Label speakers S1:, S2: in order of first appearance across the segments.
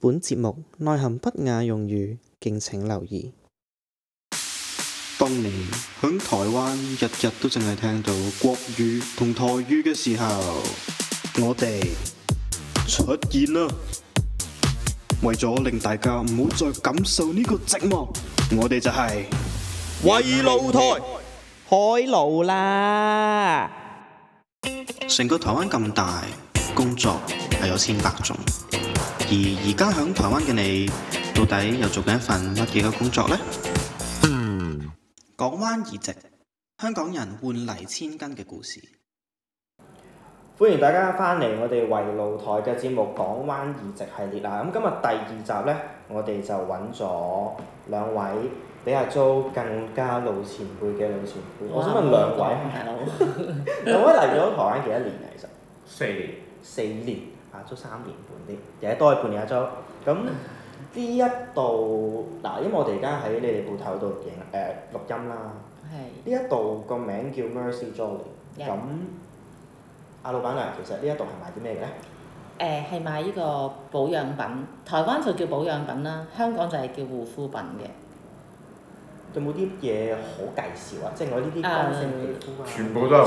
S1: 本節目內含不雅用語，敬請留意。當年響台灣日日都淨係聽到國語同台語嘅時候，我哋出現啦，為咗令大家唔好再感受呢個寂寞，我哋就係慰露台開路啦。成個台灣咁大，工作係有千百種。而而家響台灣嘅你，到底又做緊一份乜嘢嘅工作呢？嗯？港灣移植，香港人換嚟千金嘅故事。歡迎大家翻嚟我哋圍露台嘅節目《港灣移植》系列啊！咁今日第二集呢，我哋就揾咗兩位比阿租更加老前輩嘅老前輩。哇我想問兩位，係
S2: 咪？兩位嚟咗
S1: 台灣幾多年啊？其實四年，四年。租三年半啲，而且都係半年一租。咁呢一度嗱，因為我哋而家喺你哋鋪頭度影誒錄音啦。係、嗯。呢一度個名叫 Mercy Jolie 係。咁，阿老闆娘啊，其實呢一度係賣啲咩嘅咧？
S2: 誒，係賣呢個保養品，台灣就叫保養品啦，香港就係叫護膚品嘅。有冇
S1: 啲嘢好介紹啊？即係我呢啲乾性皮膚、呃、全部都係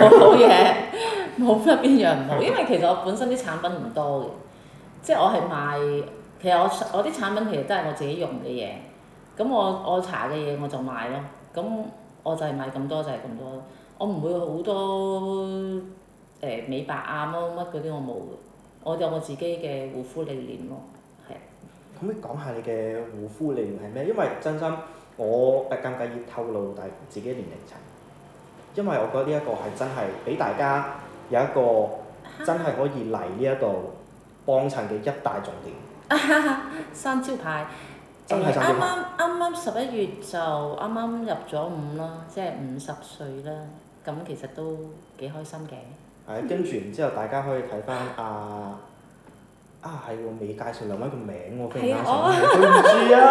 S1: 好嘢。
S2: 冇乜邊樣唔好，因為其實我本身啲產品唔多嘅，即係我係賣，其實我我啲產品其實都係我自己用嘅嘢，咁我我搽嘅嘢我就賣咯，咁我就係賣咁多就係、是、咁多，我唔會好多誒、呃、美白啊、乜乜嗰啲我冇嘅，我有我自己嘅護膚理念咯、啊，係。
S1: 可唔可以講下你嘅護膚理念係咩？因為真心我更加要透露我自己年齡層，因為我覺得呢一個係真係俾大家。有一個真係可以嚟呢一度幫襯嘅一大重點。
S2: 生招牌。真係生招牌。啱啱，啱啱十一月就啱啱入咗五啦，即係五十歲啦，咁其實都幾開心嘅。
S1: 係，跟住然之後大家可以睇翻阿，啊係喎，未介紹留返個名喎，非常啱。對唔住啊！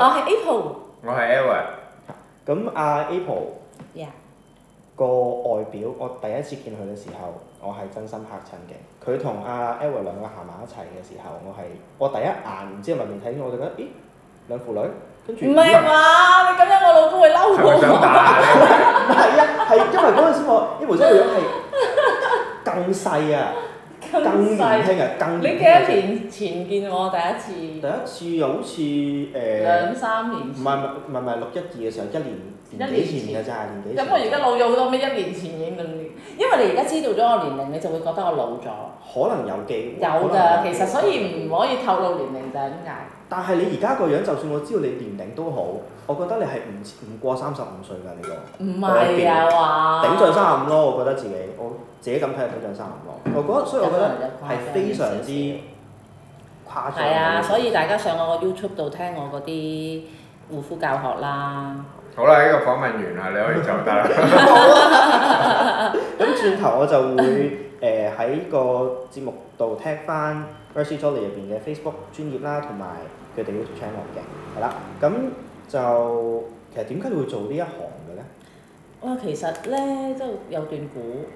S2: 我係 April。
S1: 我係 Edward。咁阿 April。個外表，我第一次見佢嘅時候，我係真心嚇親嘅。佢同阿 e l l 兩個行埋一齊嘅時候，我係我第一眼唔知咪面睇我就覺得，咦，兩父女，
S2: 跟住唔係嘛，你咁樣我老公會嬲我。唔係啊，係因
S1: 為嗰陣時我 一模身個樣係更細啊。
S2: 更年輕啊！更年輕你幾多年前見我第一次？ 第一
S1: 次又好似誒、呃、兩三年前。唔係唔係唔係六一
S2: 二嘅時候，一年年幾前嘅咋年幾？咁我而家老咗好多，咩一年前已經咁？因為你而家知道咗我年齡，你就會覺得我老咗。可能有機會。有㗎的，有有其實所以唔可以透露年齡，就係咁解？但係你而家
S1: 個樣，就算我知道你年齡都好，我覺得你係唔唔過三十五歲㗎，你個唔係啊？話頂盡三十五咯，我覺得自己，我自己噉睇下，頂盡三十五咯。我覺得，所以我覺得係非常之誇
S2: 張。係啊，所以大家上我個 YouTube 度聽我嗰啲護膚教學啦。
S3: 好啦，呢、這個訪問完係你可以就得啦。
S1: 咁轉頭我就會誒喺、呃、個節目度聽翻 Mercy Jolie 入邊嘅 Facebook 專頁啦，同埋。嘅地標 channel 嘅，係啦，咁就其實點解會做呢
S2: 一行嘅咧？哇，其實咧都有段故。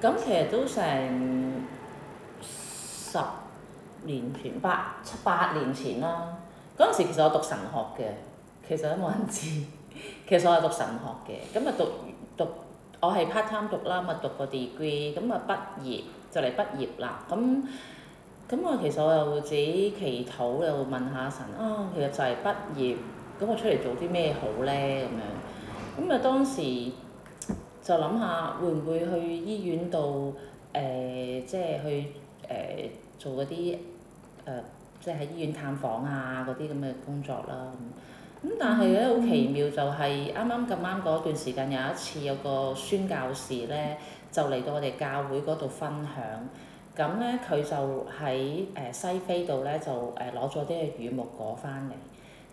S2: 咁其實都成十年前，八七八年前啦。嗰陣時其實我讀神學嘅，其實都冇人知。其實我係讀神學嘅，咁啊讀讀，我係 part time 讀啦，咁啊讀個 degree，咁啊畢業就嚟畢業啦，咁。咁我其實我又自己祈禱又問下神啊、哦，其實就係畢業，咁我出嚟做啲咩好咧咁樣？咁啊當時就諗下會唔會去醫院度誒、呃，即係去誒、呃、做嗰啲誒，即係喺醫院探訪啊嗰啲咁嘅工作啦咁。咁但係咧好奇妙就係啱啱咁啱嗰段時間有一次有一個宣教士咧就嚟到我哋教會嗰度分享。咁咧佢就喺誒、呃、西非度咧就誒攞咗啲嘅乳木果翻嚟。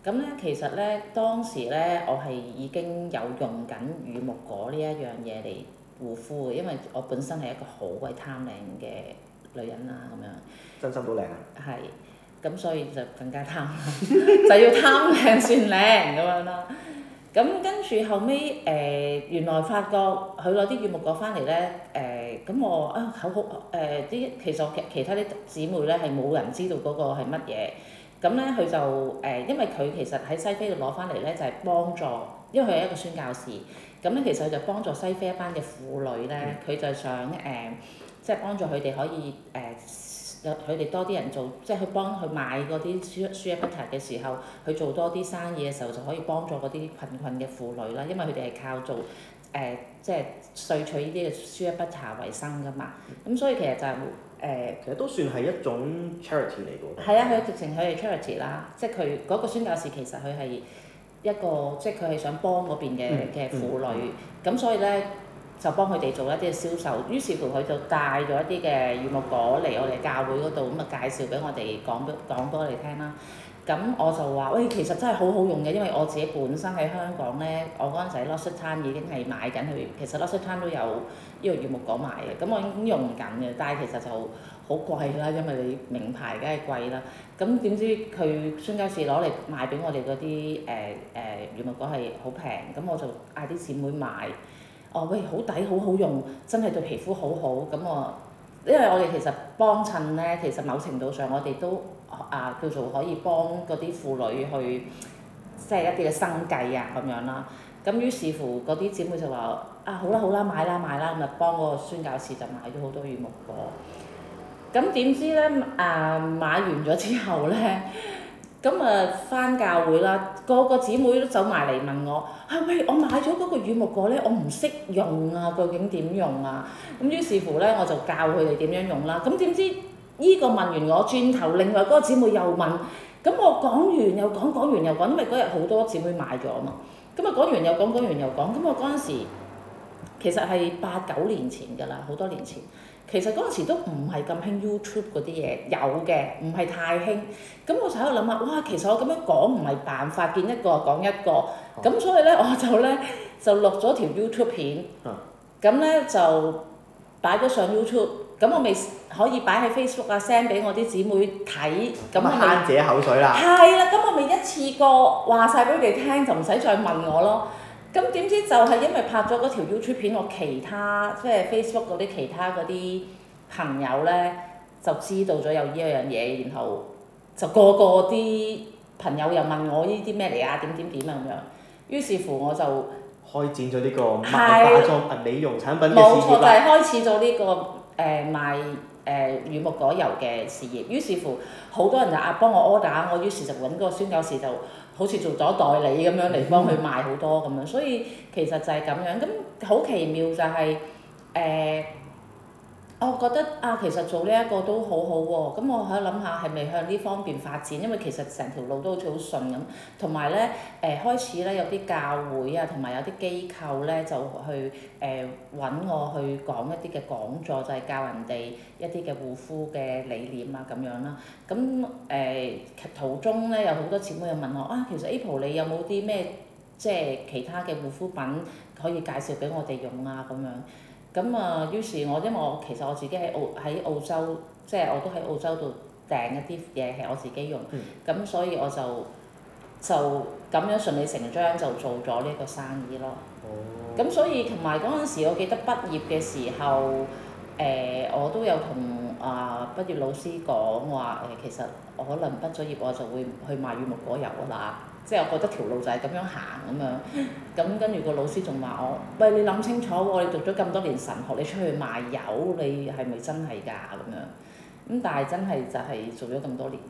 S2: 咁、嗯、咧其實咧當時咧我係已經有用緊乳木果呢一樣嘢嚟護膚嘅，因為我本身係一個好鬼貪靚嘅女人啊咁樣。真心好靚啊！係。咁所以就更加貪， 就要貪靚算靚咁樣啦。咁跟住後尾，誒、呃、原來發覺佢攞啲乳木果翻嚟咧，誒咁我啊好好誒啲，其實我其其他啲姊妹咧，係冇人知道嗰個係乜嘢。咁咧佢就誒、呃、因為佢其實喺西非度攞翻嚟咧就係、是、幫助，因為佢係一個宣教士。咁咧其實佢就幫助西非一班嘅婦女咧，佢、嗯、就想誒即係幫助佢哋可以誒。呃佢哋多啲人做，即係去幫佢買嗰啲 shea butter 嘅時候，佢做多啲生意嘅時候，就可以幫助嗰啲貧困嘅婦女啦。因為佢哋係靠做誒、呃，即係萃取呢啲 shea butter 為生噶嘛。咁所以其實就誒、是，呃、其實都算係一
S1: 種 charity 嚟噶。
S2: 係啊、嗯，佢直情佢係 charity 啦，即係佢嗰個宣教士其實佢係一個，即係佢係想幫嗰邊嘅嘅婦女，咁所以咧。就幫佢哋做一啲嘅銷售，於是乎佢就帶咗一啲嘅乳木果嚟我哋教會嗰度，咁啊介紹俾我哋講俾講俾我哋聽啦。咁我就話：喂，其實真係好好用嘅，因為我自己本身喺香港咧，我嗰陣喺 L'Occitane 已經係買緊佢，其實 L'Occitane 都有呢個乳木果賣嘅，咁我已經用緊嘅，但係其實就好貴啦，因為你名牌梗係貴啦。咁點知佢孫家士攞嚟賣俾我哋嗰啲誒誒乳木果係好平，咁我就嗌啲姊妹買。哦喂，好抵好好用，真係對皮膚好好。咁我因為我哋其實幫襯咧，其實某程度上我哋都啊叫做可以幫嗰啲婦女去即係一啲嘅生計啊咁樣啦。咁於是乎嗰啲姐妹就話啊，好啦好啦買啦買啦，咁啊幫個宣教士就買咗好多羽絨果。咁點知咧啊，買完咗之後咧？咁啊，返教會啦，個個姊妹都走埋嚟問我，啊喂，我買咗嗰個乳木果咧，我唔識用啊，究竟點用啊？咁於是乎咧，我就教佢哋點樣用啦。咁點知依、這個問完我轉頭，另外嗰個姊妹又問，咁我講完又講，講完又講，因為嗰日好多姊妹買咗嘛。咁啊，講完又講，講完又講，咁我嗰陣時其實係八九年前㗎啦，好多年前。其實嗰陣時都唔係咁興 YouTube 嗰啲嘢，有嘅，唔係太興。咁我就喺度諗下，哇！其實我咁樣講唔係辦法，見一個講一個。咁所以咧，我就咧就錄咗條 YouTube 片。咁咧、嗯、就擺咗上 YouTube。咁我咪可以擺喺 Facebook 啊 send 俾我啲姊妹睇。咁咪慳
S1: 姐口水啦。係
S2: 啦，咁我咪一次過話晒俾佢哋聽，就唔使再問我咯。咁點知就係因為拍咗嗰條 YouTube 片，我其他即係 Facebook 嗰啲其他嗰啲朋友咧就知道咗有呢樣嘢，然後就個個啲朋友又問我呢啲咩嚟啊？點點點啊咁樣。於是乎我就
S1: 開展咗呢、這個賣化妝品、是美容產品。冇錯，就係
S2: 開始咗呢、這個誒賣誒乳木果油嘅事業。於是乎，好多人就啊幫我 order，我於是就揾個宣教士就。好似做咗代理咁樣嚟幫佢賣好多咁樣，所以其實就係咁樣。咁好奇妙，就係、是、誒。呃我覺得啊，其實做呢、啊、一個都好好喎，咁我喺度諗下係咪向呢方面發展，因為其實成條路都好似好順咁。同埋咧，誒、呃、開始咧有啲教會啊，同埋有啲機構咧就去誒搵、呃、我去講一啲嘅講座，就係、是、教人哋一啲嘅護膚嘅理念啊咁樣啦、啊。咁誒途中咧有好多姊妹又問我，啊其實 April 你有冇啲咩即係其他嘅護膚品可以介紹俾我哋用啊咁樣啊？咁啊，於是我，我因為我其實我自己喺澳喺澳洲，即係我都喺澳洲度訂一啲嘢係我自己用，咁、嗯、所以我就就咁樣順理成章就做咗呢個生意咯。咁、哦、所以同埋嗰陣時，我記得畢業嘅時候，誒、呃、我都有同啊畢業老師講話誒，其實我可能畢咗業，我就會去賣乳木果油啦。即係我覺得條路就係咁樣行咁樣，咁、嗯、跟住個老師仲話我：喂，你諗清楚喎，你讀咗咁多年神學，你出去賣油，你係咪真係㗎咁樣？咁、嗯、但係真係就係做咗咁多年，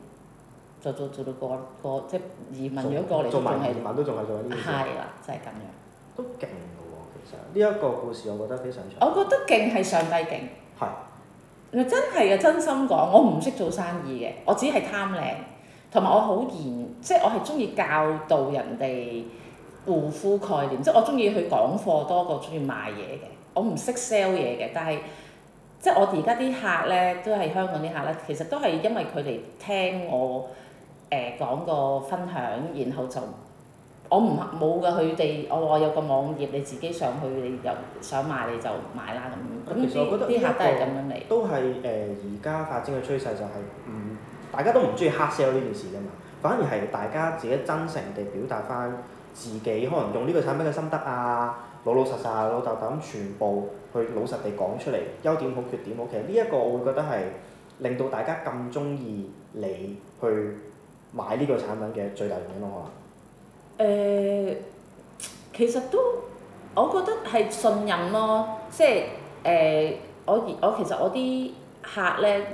S2: 做咗做到過過即係移民咗過嚟都仲係，移民都仲係做呢啲嘢係啦，就係、是、咁樣。都勁嘅喎，其實呢一、這個故事我覺得非常我覺得勁係上帝勁。
S1: 係的。
S2: 你真係嘅，真心講，我唔識做生意嘅，我只係貪靚。同埋我好嚴，即係我係中意教導人哋護膚概念，即係我中意去講課多過中意賣嘢嘅，我唔識 sell 嘢嘅，但係即係我而家啲客咧都係香港啲客咧，其實都係因為佢哋聽我誒、呃、講個分享，然後就我唔冇噶，佢哋我話我有個網頁你自己上去，你又想買你就買啦咁。咁其實 我覺得啲客都係咁樣嚟。都係
S1: 誒，而、呃、家發展嘅趨勢就係、是嗯大家都唔中意黑 sell 呢件事嘅嘛，反而係大家自己真誠地表達翻自己，可能用呢個產品嘅心得啊，老老實實，實、老豆膽全部去老實地講出嚟，優點好、缺點好，其實呢一個我會覺得係令到大家咁中意你去買呢個產品嘅最大原因咯，可能，
S2: 誒、呃，其實都我覺得係信任咯，即係誒我我其實我啲客咧。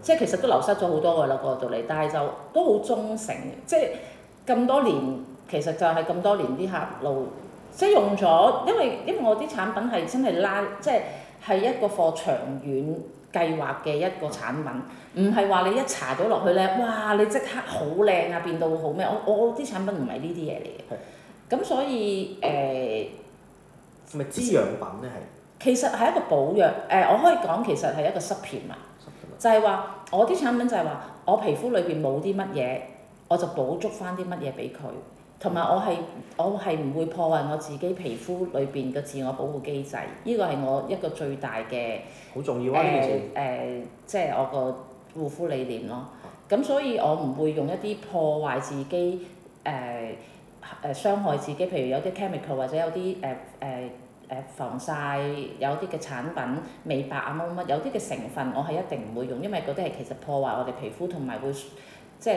S2: 即係其實都流失咗好多個啦，過到嚟，但係就都好忠誠。即係咁多年，其實就係咁多年啲客路，即係用咗，因為因為我啲產品係真係拉，即係係一個貨長遠計劃嘅一個產品，唔係話你一搽到落去咧，哇！你即刻好靚啊，變到好咩？我我啲產品唔係呢啲嘢嚟嘅。咁是所以誒，咪滋養品咧？係。其實係一個補養誒，我可以講其實係一個濕片呀。就係話，我啲產品就係話，我皮膚裏邊冇啲乜嘢，我就補足翻啲乜嘢俾佢，同埋我係我係唔會破壞我自己皮膚裏邊嘅自我保護機制，呢個係我一個最大嘅誒誒，即係我個護膚理念咯。咁、嗯、所以我唔會用一啲破壞自己誒誒傷害自己，譬如有啲 chemical 或者有啲誒誒。呃呃防曬有啲嘅產品，美白啊乜乜，有啲嘅成分我係一定唔會用，因為嗰啲係其實破壞我哋皮膚同埋會，即係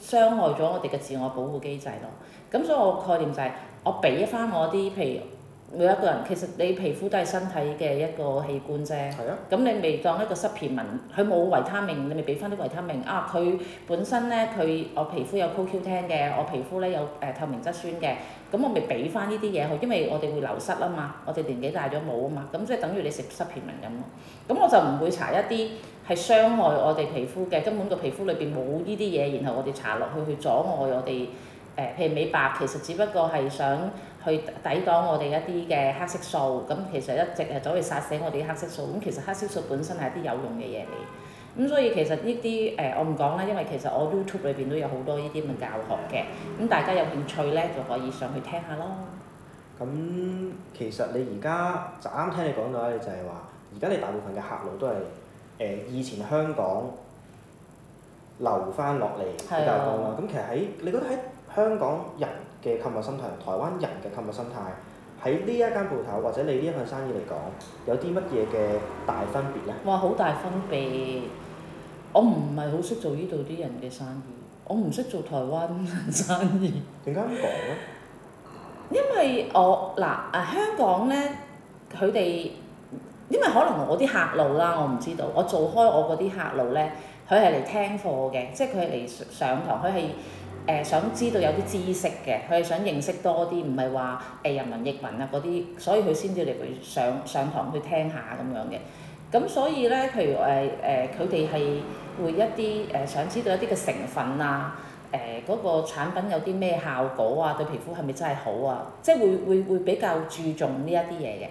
S2: 傷害咗我哋嘅自我保護機制咯。咁所以我概念就係，我俾翻我啲譬如。每一個人其實你皮膚都係身體嘅一個器官啫。係啊的。咁、嗯、你未當一個濕皮文，佢冇維他命，你咪俾翻啲維他命啊！佢本身咧，佢我皮膚有、CoQ10 嘅，我皮膚咧有誒、呃、透明質酸嘅。咁、嗯、我咪俾翻呢啲嘢佢，因為我哋會流失啊嘛，我哋年紀大咗冇啊嘛。咁、嗯嗯、即係等於你食濕皮文咁咯。咁、嗯、我就唔會搽一啲係傷害我哋皮膚嘅，根本個皮膚裏邊冇呢啲嘢，然後我哋搽落去去阻礙我哋誒、呃，譬如美白，其實只不過係想。去抵擋我哋一啲嘅黑色素，咁其實一直係走去殺死我哋啲黑色素，咁其實黑色素本身係啲有用嘅嘢嚟，咁所以其實呢啲誒我唔講啦，因為其實我 YouTube 裏邊都有好多呢啲嘅教學嘅，咁大家有興趣咧就可以上去聽下咯。
S1: 咁其實你而家就啱聽你講到咧，就係話而家你大部分嘅客路都係誒、呃、以前香港留翻落嚟比較多啦，咁、啊、其實喺你覺得喺香港人嘅購物心態，台灣人嘅購物心態，喺呢一間鋪頭或者你呢一份生意嚟講，有啲乜嘢嘅大
S2: 分別呢？哇！好大分別，我唔係好識做呢度啲人嘅生意，我唔識做台灣生意。點解咁講呢？因為我嗱啊，香港呢，佢哋因為可能我啲客路啦，我唔知道，我做開我嗰啲客路呢，佢係嚟聽課嘅，即係佢係嚟上堂，佢係。誒、呃、想知道有啲知識嘅，佢係想認識多啲，唔係話誒人云亦云啊嗰啲，所以佢先至嚟去上上堂去聽下咁樣嘅。咁所以咧，譬如誒誒，佢哋係會一啲誒、呃，想知道一啲嘅成分啊，誒、呃、嗰、那個產品有啲咩效果啊，對皮膚係咪真係好啊？即係會會會比較注重呢一啲嘢嘅。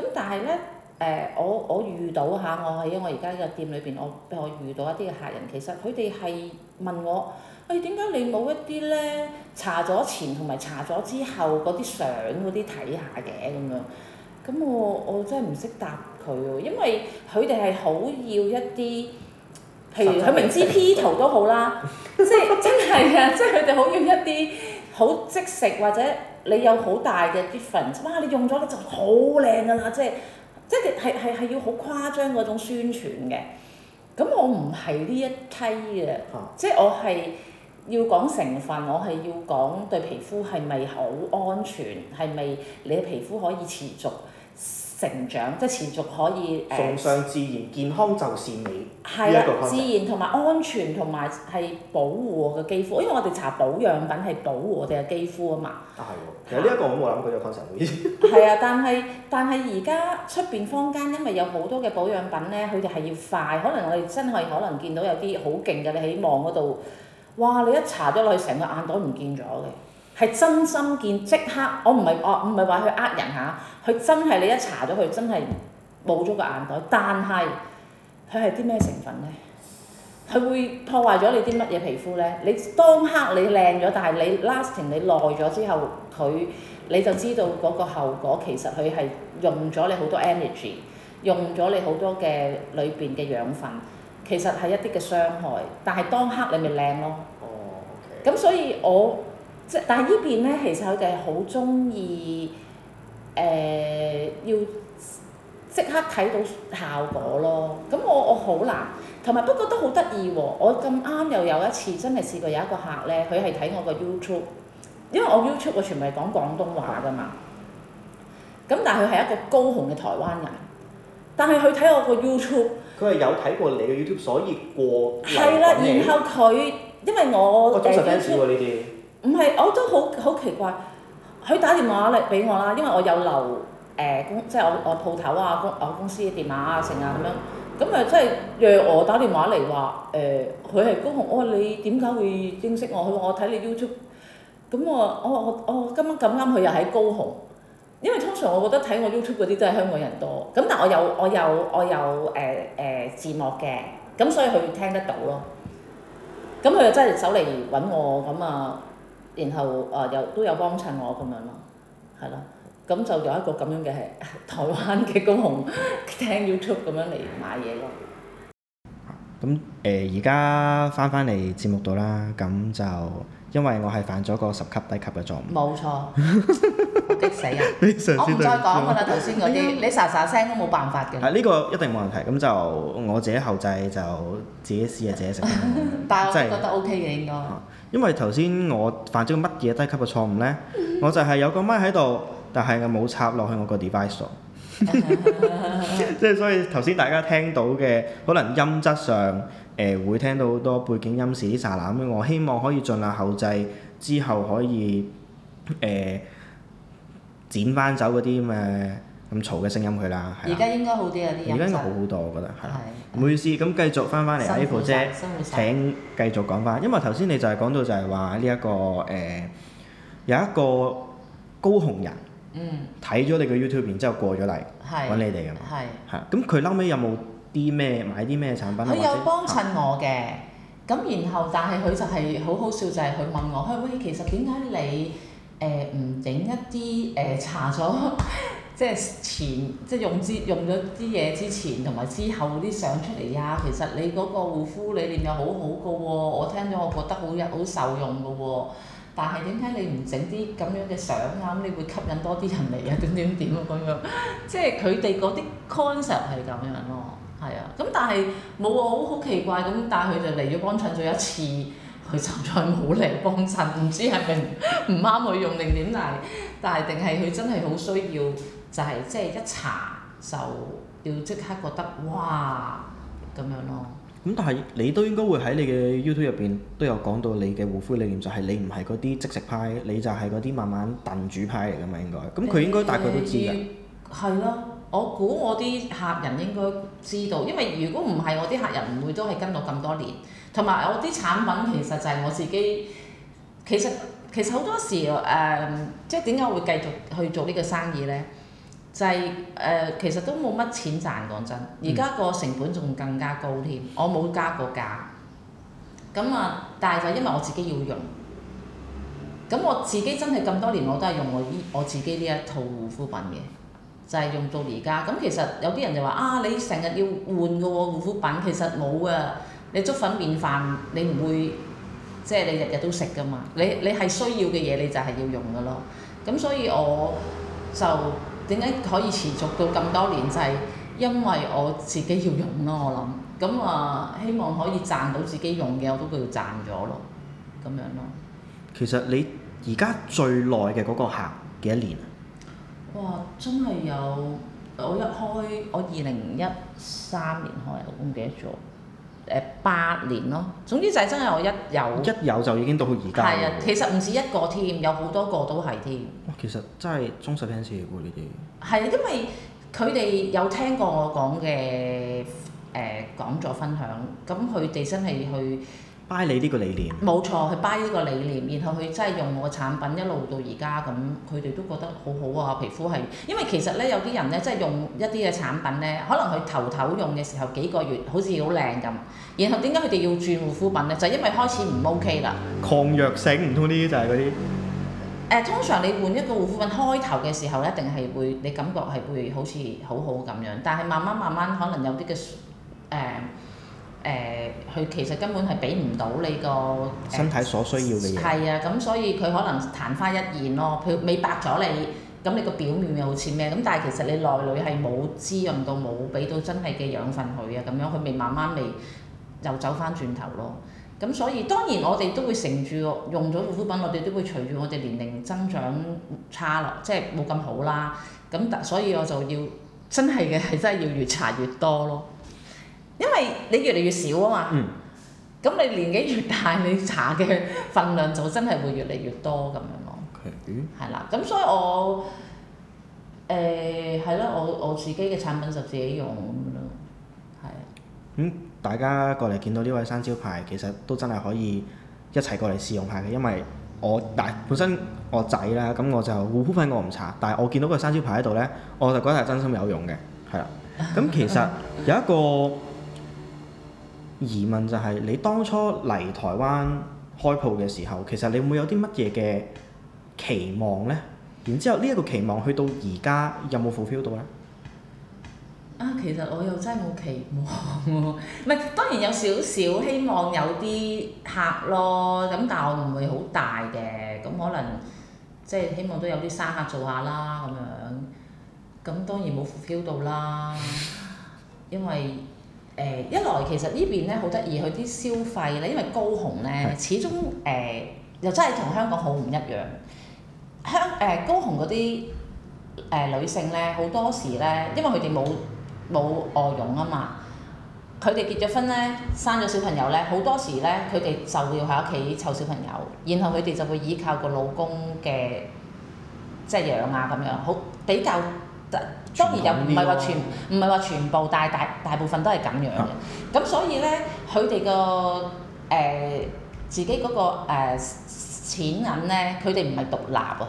S2: 咁但係咧。誒、uh, 我我遇到嚇，我喺我而家呢個店裏邊，我我遇到一啲嘅客人，其實佢哋係問我，喂、哎，點解你冇一啲咧？搽咗前同埋搽咗之後嗰啲相嗰啲睇下嘅咁樣，咁我我真係唔識答佢喎，因為佢哋係好要一啲，譬如佢明知 P 圖都好啦，即係真係啊！ 即係佢哋好要一啲好即食或者你有好大嘅 difference，哇！你用咗就好靚噶啦，即係。即係係係係要好誇張嗰種宣傳嘅，咁我唔係呢一梯嘅，嗯、即係我係要講成分，我係要講對皮膚係咪好安全，係咪你嘅皮膚可以持續。成長即係持續可以誒。崇尚
S1: 自然，健康就是美。係啊的，自然
S2: 同埋安全同埋係保護我嘅肌膚，因為我哋搽保養品係保護我哋嘅肌膚啊嘛。啊係喎，其實呢一個我都
S1: 冇諗過呢個 concept。
S2: 係啊，但係但係而家出邊坊間，因為有好多嘅保養品咧，佢哋係要快，可能我哋真係可能見到有啲好勁嘅，你喺望嗰度，哇！你一搽咗落去，成個眼袋唔見咗嘅。係真心見即刻，我唔係我，唔係話佢呃人嚇，佢真係你一查咗佢真係冇咗個眼袋，但係佢係啲咩成分呢？佢會破壞咗你啲乜嘢皮膚呢？你當刻你靚咗，但係你 lasting 你耐咗之後，佢你就知道嗰個後果。其實佢係用咗你好多 energy，用咗你好多嘅裏邊嘅養分，其實係一啲嘅傷害。但係當刻你咪靚咯。咁、oh, okay. 所以我。即但係呢邊咧，其實佢哋係好鍾意誒，要即刻睇到效果咯。咁我我好難，同埋不過都好得意喎。我咁啱又有一次真係試過有一個客咧，佢係睇我個 YouTube，因為我 YouTube 個全部係講廣東話㗎嘛。咁但係佢係一個高雄嘅台灣人，但係佢睇我個 YouTube。
S1: 佢係有睇過你嘅 YouTube？所以過流。係啦，然後
S2: 佢因為我。個真實 fans 唔係，我都好好奇怪，佢打電話嚟俾我啦，因為我有留誒、呃、公，即、就、係、是、我我鋪頭啊，公我公司嘅電話啊，成啊咁樣。咁啊，即係約我打電話嚟話誒，佢、呃、係高雄。我、哦、話你點解會認識我？佢話我睇你 YouTube。咁我我我我今晚咁啱佢又喺高雄，因為通常我覺得睇我 YouTube 嗰啲都係香港人多。咁但係我有我有我有誒誒、呃呃、字幕嘅，咁所以佢會聽得到咯。咁佢又真係走嚟揾我咁啊！然後啊，又、呃、都有幫襯我咁樣咯，係啦。咁、呃、就有一個咁樣嘅係台灣嘅公紅聽 YouTube 咁樣嚟買嘢
S1: 咯。咁誒而家翻翻嚟節目度啦，咁就因為我係犯咗個十級低級嘅錯誤。冇
S2: 錯錯。激
S1: 死人！嘗我唔再講㗎啦，頭先嗰啲
S2: 你沙沙聲都冇辦法嘅。
S1: 係呢個一定冇問題，咁就我自己後製，就自己試下自己食。
S2: 但係我覺得 OK 嘅應該。 嗯
S1: 因為頭先我犯咗個乜嘢低級嘅錯誤咧？嗯、我就係有個咪喺度，但係我冇插落去我個 device 度。 即係所以頭先大家聽到嘅可能音質上誒、呃、會聽到好多背景音時啲雜音。我希望可以盡量後製，之後可以誒、呃、剪翻走嗰啲咁誒。咁嘈嘅聲音佢啦，而
S2: 家應該好啲啊啲音質。而家應該好
S1: 好多，我覺得係。唔好意思，咁繼續翻翻嚟啊！富姐，請繼續講翻，因為頭先你就係講到就係話呢一個誒有一個高雄人睇咗你個 YouTube 然之後過咗嚟揾你哋嘅。係。係。咁佢後尾有冇啲咩買啲咩產品？佢有幫襯我
S2: 嘅，咁然後但係佢就係好好笑，就係佢問我，喂，其實點解你誒唔整一啲誒茶座？即係前即係用之用咗啲嘢之前同埋之後啲相出嚟啊。其實你嗰個護膚理念又好好㗎喎，我聽咗我覺得好好受用㗎喎、哦。但係點解你唔整啲咁樣嘅相啊？咁你會吸引多啲人嚟啊？點點點啊咁樣。即係佢哋嗰啲 concept 係咁樣咯，係啊。咁但係冇啊，好好奇怪咁，但係佢就嚟咗幫襯咗一次，佢就再冇嚟幫襯。唔知係咪唔啱佢用定點？但係但係定係佢真係好需要。就係即係一查就要即刻覺得哇咁樣咯。
S1: 咁但係你都應該會喺你嘅 YouTube 入邊都有講到你嘅護膚理念，就係、是、你唔係嗰啲即食派，你就係嗰啲慢慢燉煮派嚟噶嘛。應該咁佢應該大概都知
S2: 㗎。係咯，我估我啲客人應該知道，因為如果唔係我啲客人唔會都係跟到咁多年。同埋我啲產品其實就係我自己。其實其實好多時誒、嗯，即係點解會繼續去做呢個生意呢？就係誒，其實都冇乜錢賺，講真。而家個成本仲更加高添，我冇加過價。咁啊，但係因為我自己要用，咁我自己真係咁多年我都係用我呢我自己呢一套護膚品嘅，就係用到而家。咁其實有啲人就話啊，你成日要換個護膚品，其實冇啊。你粥粉麵飯你唔會，即係你日日都食噶嘛。你你係需要嘅嘢你就係要用噶咯。咁所以我就～嗯點解可以持續到咁多年？就係因為我自己要用咯，我諗。咁啊，希望可以賺到自己用嘅，我都佢賺咗咯。咁樣咯。
S1: 其實你而家最耐嘅嗰個客幾多年啊？
S2: 哇！真係有！我一開，我二零一三年開，我唔記得咗。呃、八年咯，總之就係真係我一有，一
S1: 有就已經到而家。係啊，其實唔
S2: 止一個添，有好多個都係添。
S1: 哇，其實真係忠實 fans 呢啲。
S2: 係啊，因為佢哋有聽過我講嘅誒講座分享，咁佢哋真係去 buy 你呢個理念，冇錯，係 buy 呢個理念，然後佢真係用我產品一路到而家咁，佢哋都覺得好好啊，皮膚係，因為其實咧有啲人咧真係用一啲嘅產品咧，可能佢頭頭用嘅時候幾個月好似好靚咁，然後點解佢哋要轉護膚品咧？就係因為開始唔 OK 啦。
S1: 抗藥性唔通呢啲就係嗰啲？誒、
S2: 呃，通常你換一個護膚品開頭嘅時候，一定係會你感覺係會好似好好咁樣，但係慢慢慢慢可能有啲嘅誒。呃誒，佢、呃、其實根本係俾唔到你個、呃、身體
S1: 所需要嘅嘢。係
S2: 啊，咁所以佢可能曇花一現咯，佢未白咗你，咁你個表面又好似咩？咁但係其實你內裏係冇滋潤到，冇俾到真係嘅養分佢啊，咁樣佢未慢慢未又走翻轉頭咯。咁所以當然我哋都會乘住用咗護膚品，我哋都會隨住我哋年齡增長差咯，即係冇咁好啦。咁但所以我就要真係嘅係真係要越搽越多咯。因為你越嚟越少啊嘛，咁、嗯、你年紀越大，你搽嘅份量就真係會越嚟越多咁樣咯。係啦 Okay.，咁所以我誒係咯，我我自己嘅產品就自己用咁咯，係
S1: 咁、嗯、大家過嚟見到呢位生招牌，其實都真係可以一齊過嚟試用下嘅，因為我但本身我仔啦，咁我就護膚品我唔搽，但係我見到個生招牌喺度咧，我就覺得係真心有用嘅，係啦。咁其實有一個。 疑問就係、是、你當初嚟台灣開鋪嘅時候，其實你會有啲乜嘢嘅期望呢？然之後呢一個期望去到而家有冇 fulfill 到呢？
S2: 啊，其實我又真係冇期望唔、啊、係 當然有少少希望有啲客咯，咁但係我唔會好大嘅，咁可能即係、就是、希望都有啲生客做下啦咁樣，咁當然冇 fulfill 到啦，因為。誒、uh, 一來其實邊呢邊咧好得意，佢啲消費咧，因為高雄咧是始終誒、uh, 又真係同香港好唔一樣。香誒、uh, 高雄嗰啲誒女性咧，好多時咧，因為佢哋冇冇外傭啊嘛，佢哋結咗婚咧，生咗小朋友咧，好多時咧，佢哋就要喺屋企湊小朋友，然後佢哋就會依靠個老公嘅即係養啊咁樣，好比較得。當然又唔係話全唔係話全部，但大大部分都係咁樣嘅。咁、啊、所以咧，佢哋個誒自己嗰、那個誒、呃、錢銀咧，佢哋唔係獨立啊。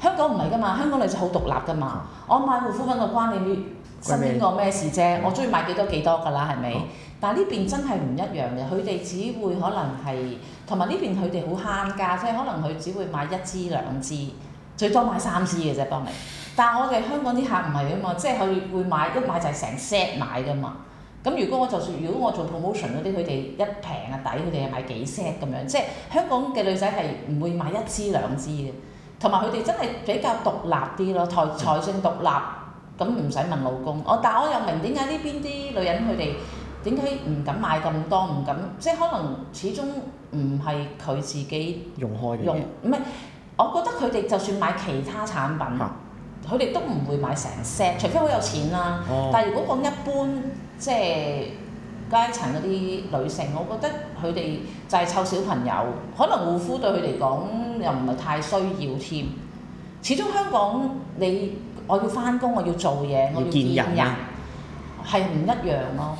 S2: 香港唔係㗎嘛，香港女仔好獨立㗎嘛。啊、我買護膚品就關你身邊個咩事啫？啊、我中意買幾多幾多㗎啦，係咪？啊、但係呢邊真係唔一樣嘅。佢哋只會可能係同埋呢邊佢哋好慳家，即、就、係、是、可能佢只會買一支兩支，最多買三支嘅啫，幫你。但係我哋香港啲客唔係啊嘛，即係佢會買，一買就係成 set 買噶嘛。咁如果我就算如果我做 promotion 嗰啲，佢哋一平啊抵，佢哋係買幾 set 咁樣。即係香港嘅女仔係唔會買一支兩支嘅，同埋佢哋真係比較獨立啲咯，財政、嗯、財政獨立，咁唔使問老公。但我但係我又明點解呢邊啲女人佢哋點解唔敢買咁多，唔敢即係可能始終唔係佢自己用，用開用唔係。我覺得佢哋就算買其他產品。佢哋都唔會買成 set，除非好有錢啦、啊。Oh. 但係如果講一般即係、就是、階層嗰啲女性，我覺得佢哋就係湊小朋友，可能護膚對佢嚟講又唔係太需要添。始終香港你我要返工，我要做嘢，我要見人，係唔、啊、一樣咯、啊。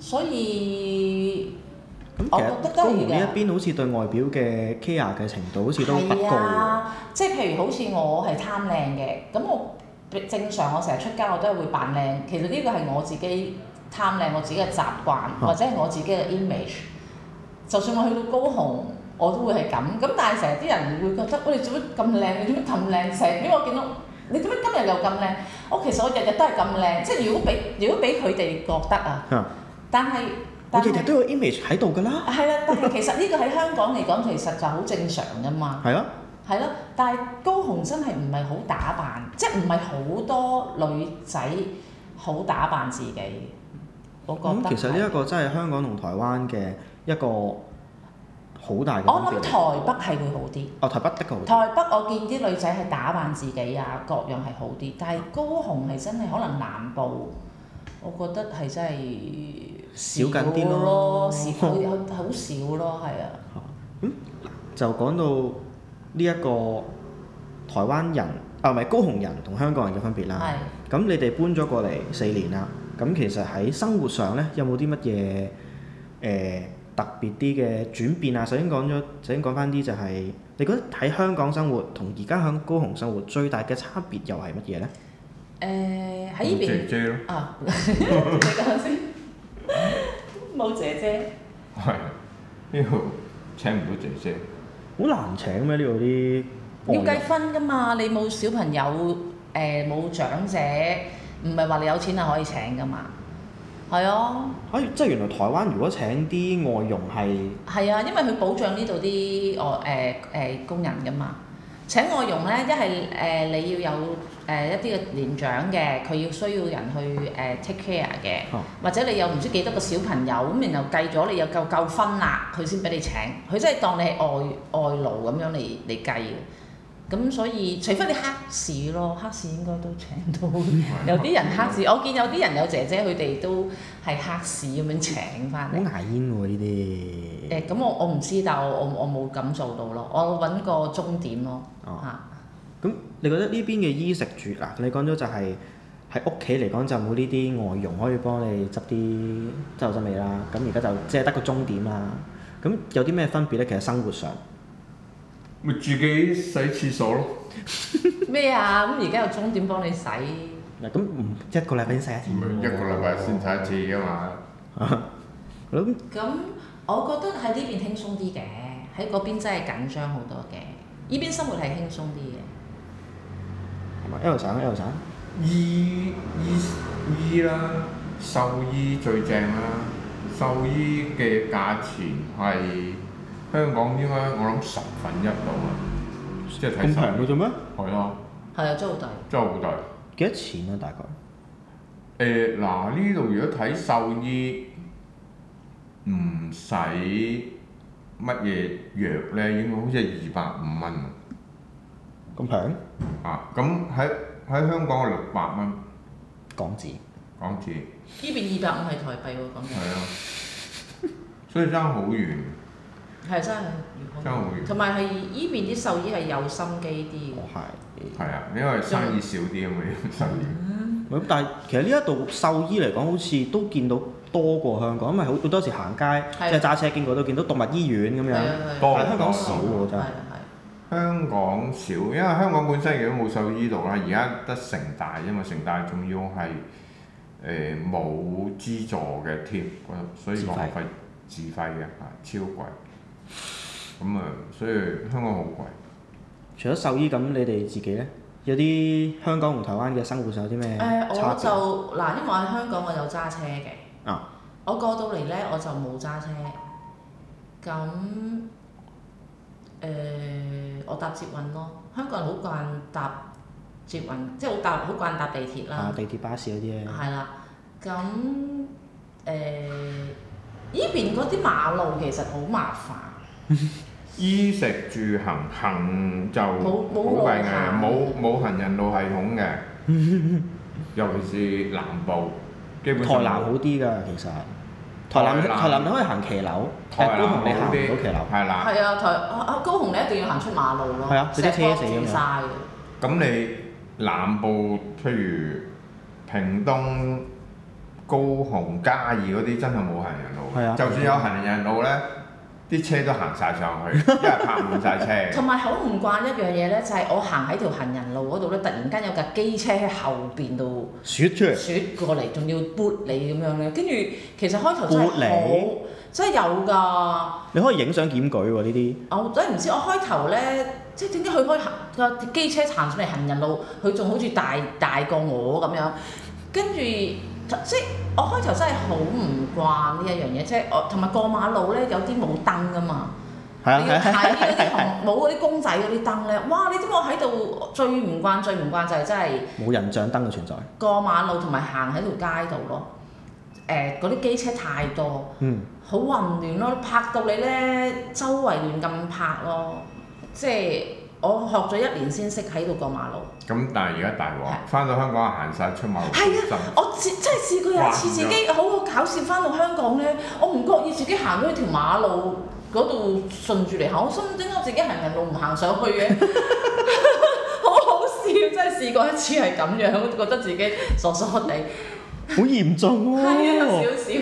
S2: 所以。我覺得都係嘅，呢一
S1: 邊好似對外表嘅 care 嘅程度好似都唔夠。係、啊、
S2: 即係譬如好似我係貪靚嘅，咁我正常我成日出街我都係會扮靚。其實呢個係我自己貪靚我自己嘅習慣，或者係我自己嘅 image。啊、就算我去到高雄，我都會係咁。咁但係成日啲人會覺得喂、哎，你做乜咁靚？你做乜咁靚？成日俾我見到你點解今日又咁靚？我其實我日日都係咁靚。即係如果俾如果俾佢哋覺得啊，但係。我日日都
S1: 有 image 喺度㗎啦。係啦、啊，但
S2: 係其實呢個喺香港嚟講，其實就好正常㗎嘛。係咯、啊。係咯、啊，但係高雄真係唔係好打扮，即係唔係好多女仔好打扮自己。我覺得、嗯。其實呢一
S1: 個真係香港同台灣嘅一個好大嘅。我諗台北係會好啲。哦，台北的確好啲。台
S2: 北我見啲女仔係打扮自己啊，各樣係好啲，但係高雄係真係可能南部，我覺得係真係。少緊啲咯，時好少咯，係啊。嗯，
S1: 就講到呢一個台灣人啊，唔係高雄人同香港人嘅分別啦。咁、啊、你哋搬咗過嚟四年啦，咁其實喺生活上呢，有冇啲乜嘢誒特別啲嘅轉變啊？首先講咗，首先講翻啲就係、是、你覺得喺香港生活同而家喺高雄生活最大嘅差別又係乜嘢呢？
S2: 喺依、呃、邊。遮遮咯。啊， 冇 姐姐，
S3: 係呢度請唔到姐姐。
S1: 好難請咩？呢度啲
S2: 要計分噶嘛，你冇小朋友，誒、呃、冇長者，唔係話你有錢係可以請噶嘛，係啊。
S1: 哎，即係原來台灣如果請啲外傭係
S2: 係啊，因為佢保障呢度啲外誒誒工人噶嘛。請外傭咧，一係誒你要有誒、呃、一啲嘅年長嘅，佢要需要人去誒、呃、take care 嘅，或者你有唔知幾多個小朋友咁，然後計咗你有夠夠分啦，佢先俾你請，佢真係當你係外外勞咁樣嚟嚟計嘅。咁所以除非你黑市咯，黑市應該都請到。 有啲人黑市， 我見有啲人有姐姐，佢哋都係黑市咁樣請翻。好牙
S1: 煙喎呢啲。誒，
S2: 咁、嗯、我我唔知道，但我我我冇感受到咯。我揾個終點咯
S1: 嚇。咁、哦啊、你覺得呢邊嘅衣食住啊？你講咗就係喺屋企嚟講就冇呢啲外傭可以幫你執啲執好啲味啦、啊。咁而家就即係得個終點啦、啊。咁有啲咩分別咧？其實生
S3: 活上。咪自己洗廁所
S2: 咯。咩啊？咁而家又鐘點幫你洗。
S3: 嗱咁 一個禮拜先洗一次。唔係一個禮拜先洗一次㗎
S1: 嘛。
S2: 咁 我覺得喺呢邊輕鬆啲嘅，喺嗰邊真係緊張好多嘅。依邊生活係輕鬆啲
S1: 嘅。
S3: 係咪？一路省一路省。醫醫醫啦，獸醫最正啦。獸醫嘅價錢係。香港應該？我諗十分一度，啊，即係睇咁平嗰咩？係啊了，係啊，真係好大，真係好大，幾多錢啊？大概？誒嗱、欸，呢度如果睇獸醫，唔使乜嘢藥咧，應該好似係二百五蚊咁平啊！咁喺喺香港係六百蚊港紙元元元，港紙呢
S2: 邊二百五係台幣喎，
S3: 咁係啊，所以爭好遠。
S2: 係真係，同埋係依邊啲獸醫係有心機啲
S3: 嘅。係啊是，因為生
S2: 意
S1: 少啲啊嘛，啲、嗯、
S2: 獸
S1: 醫。但係其實呢一度獸醫嚟講，好似都見到多過香港，因為好好多時行街即係揸車經過都見到動物醫院咁樣，多。但香港少、啊、真係
S3: 的。香港少，因為香港本身亦都冇獸醫度啦。而家得城大因為，城大仲要係誒冇資助嘅添，所以自費自費嘅啊，超貴。咁啊、嗯，所以香港好貴。除
S1: 咗獸醫，咁你哋自己呢？有啲香港同台灣嘅生活上有啲咩差別？呃、我就
S2: 嗱，因為喺香港我有揸車嘅。啊、我過到嚟呢、呃，我就冇揸車。咁誒，我搭捷運咯。香港人好慣搭捷運，即係好搭，好慣搭地鐵啦。啊，地
S1: 鐵、巴士嗰啲咧。係
S2: 啦。咁誒，呢、呃、邊嗰啲馬路其實好麻煩。
S3: 衣食住行，行就好弊嘅，冇冇行人路系統嘅，尤其是南部。台南好啲㗎，其實。台南台南你可以行騎樓，高雄你行唔到騎樓。係啦。係啊，台
S2: 高雄你一定要行出馬路咯。係啊，佢啲車死咁嘥。
S3: 咁你南部譬如屏東、高雄、嘉義嗰啲真係冇行人路。係啊。就算有行人路咧。啲車都行晒上去，真係泊滿
S2: 曬車。同埋好唔慣一樣嘢咧，就係、是、我行喺條行人路嗰度咧，突然間有架機車喺後邊度，雪出嚟，雪過嚟，仲要撥你咁樣咧。跟住其實開頭真係好，你真係有㗎。
S1: 你可以影相檢舉喎，呢啲。
S2: 我真係唔知，我開頭咧，即係點解佢開架機車行出嚟行人路，佢仲好似大大，大過我咁樣，跟住。 即係我開頭真係好唔慣呢一樣嘢，即係我同埋過馬路咧，有啲冇燈㗎嘛，啊， 要睇嗰啲冇嗰啲公仔嗰啲燈咧，哇！你知唔知我喺度最唔慣最唔慣就係真係
S1: 冇人像燈嘅存在。
S2: 過馬路同埋行喺條街度咯，誒嗰啲機車太多，好、嗯、混亂咯，拍到你咧，周圍亂咁拍咯，即係。我學咗一年先識喺度過馬路。
S3: 咁、嗯、但係而家大鑊，翻、啊、到香港行晒出馬路。係啊，啊
S2: 我試真係試過有一次，自己好好搞笑。翻到香港咧， 我唔覺意自己行到一條馬路嗰度順住嚟行，我心諗點解我自己行人路唔行上去嘅？ 好好笑，真係試過一次係咁樣，我覺得自己傻傻地。
S1: 好嚴重喎！係啊，少少、 啊。小小小小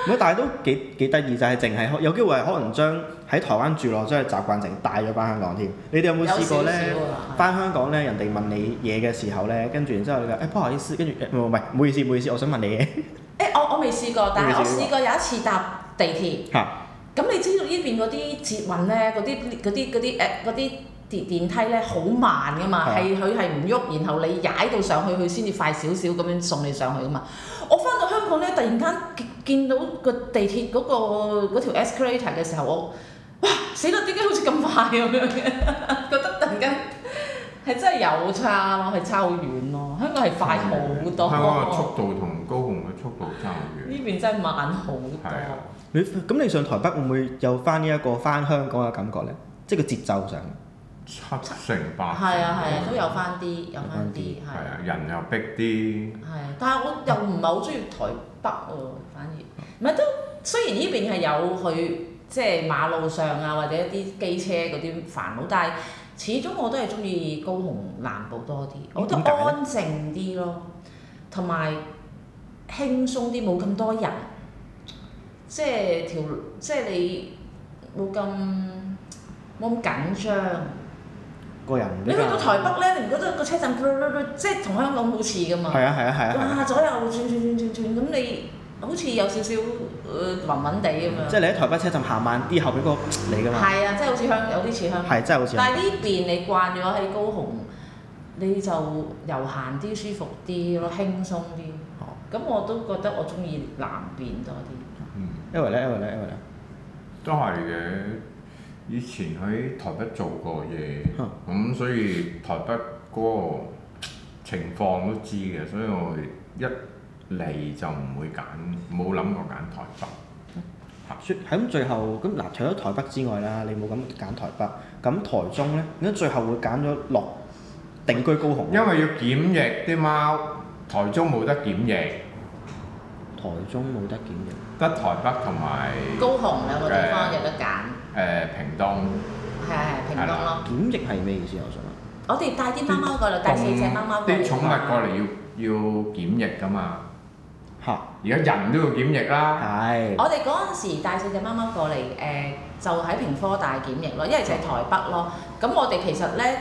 S1: 如果 但係都幾幾得意，就係淨係有機會係可能將喺台灣住落，將習慣成帶咗翻香港添。你哋有冇試過咧？翻香港咧，人哋問你嘢嘅時候咧，跟住然之後你就、哎、不好意思，跟住唔唔唔，哎、唔好意思唔好意思，我想問你嘢。誒 、
S2: 欸，我我未試過，但係我試過有一次搭地鐵。嚇！咁你知道邊呢邊嗰啲捷運咧，嗰啲嗰啲嗰啲誒嗰啲電電梯咧，好慢噶嘛，係佢係唔喐，然後你踩到上去，佢先至快少少咁樣送你上去噶嘛。我翻到香港咧，突然間見到個地鐵嗰、嗰個條 escalator 嘅時候，我，哇死啦！點解好似咁快咁樣嘅？ 覺得突然間係真係有差咯，係差好遠咯。香港係快好多。香港嘅速
S3: 度同高雄嘅速度差好
S2: 遠。呢邊真係慢好多。
S1: 的你，咁你上台北會唔會有翻呢一個翻香港嘅感
S3: 覺咧？即係個節奏上。七成八成係啊，係啊，都有翻
S2: 啲，有翻啲係啊，
S3: 人又逼啲
S2: 係啊，但係我又唔係好中意台北喎、啊，反而唔係、啊、都雖然呢邊係有去，即係馬路上啊，或者啲機車嗰啲煩惱，但係始終我都係中意高雄南部多啲，嗯、我覺得安靜啲咯，同埋、嗯、輕鬆啲，冇咁多人，即係條即係你冇咁冇咁緊張。
S1: 個人你去到台
S2: 北咧，你唔覺得個車站，哼哼哼即係同香港好似㗎嘛？係啊係啊係
S1: 啊，啊哇。
S2: 左右轉轉轉轉轉，咁你好似有少少誒暈暈地咁樣。即係你
S1: 喺台北車站行慢啲，後邊嗰你噶嘛？係啊，嗯嗯、即係
S2: 好似香，有啲似香港。係，真係好似。但係呢邊你慣咗喺高雄，你就悠閒啲舒服啲咯，輕鬆啲。咁我都覺得我鍾意南邊多啲。嗯，
S3: 因為咧，因為咧，因為咧，都係嘅。嗯以前喺台北做過嘢，咁、嗯嗯、所以台北嗰個情況都知嘅，所以我一嚟就唔會揀，冇諗過揀台北。
S1: 嚇、嗯，咁是，最後咁嗱，除咗台北之外啦，你冇咁揀台北，咁台中呢？點解？咁最後會揀咗落定居高雄。因為要
S3: 檢疫啲貓，嗯、台中冇得檢疫。台中冇得檢疫。得台北同埋高雄兩個地方有得揀。誒、呃、屏東
S2: 係係屏
S3: 東咯，嗯、檢疫係咩意思？我想問，
S2: 我哋帶啲貓貓過嚟，東帶四隻貓貓啲寵物過嚟
S3: 要要檢疫噶嘛吓，而家哈人都要檢疫啦，係的。我哋
S2: 嗰陣時帶四隻貓貓過嚟，誒、呃、就喺屏科大檢疫咯，因為就喺台北咯。咁、嗯、我哋其實咧，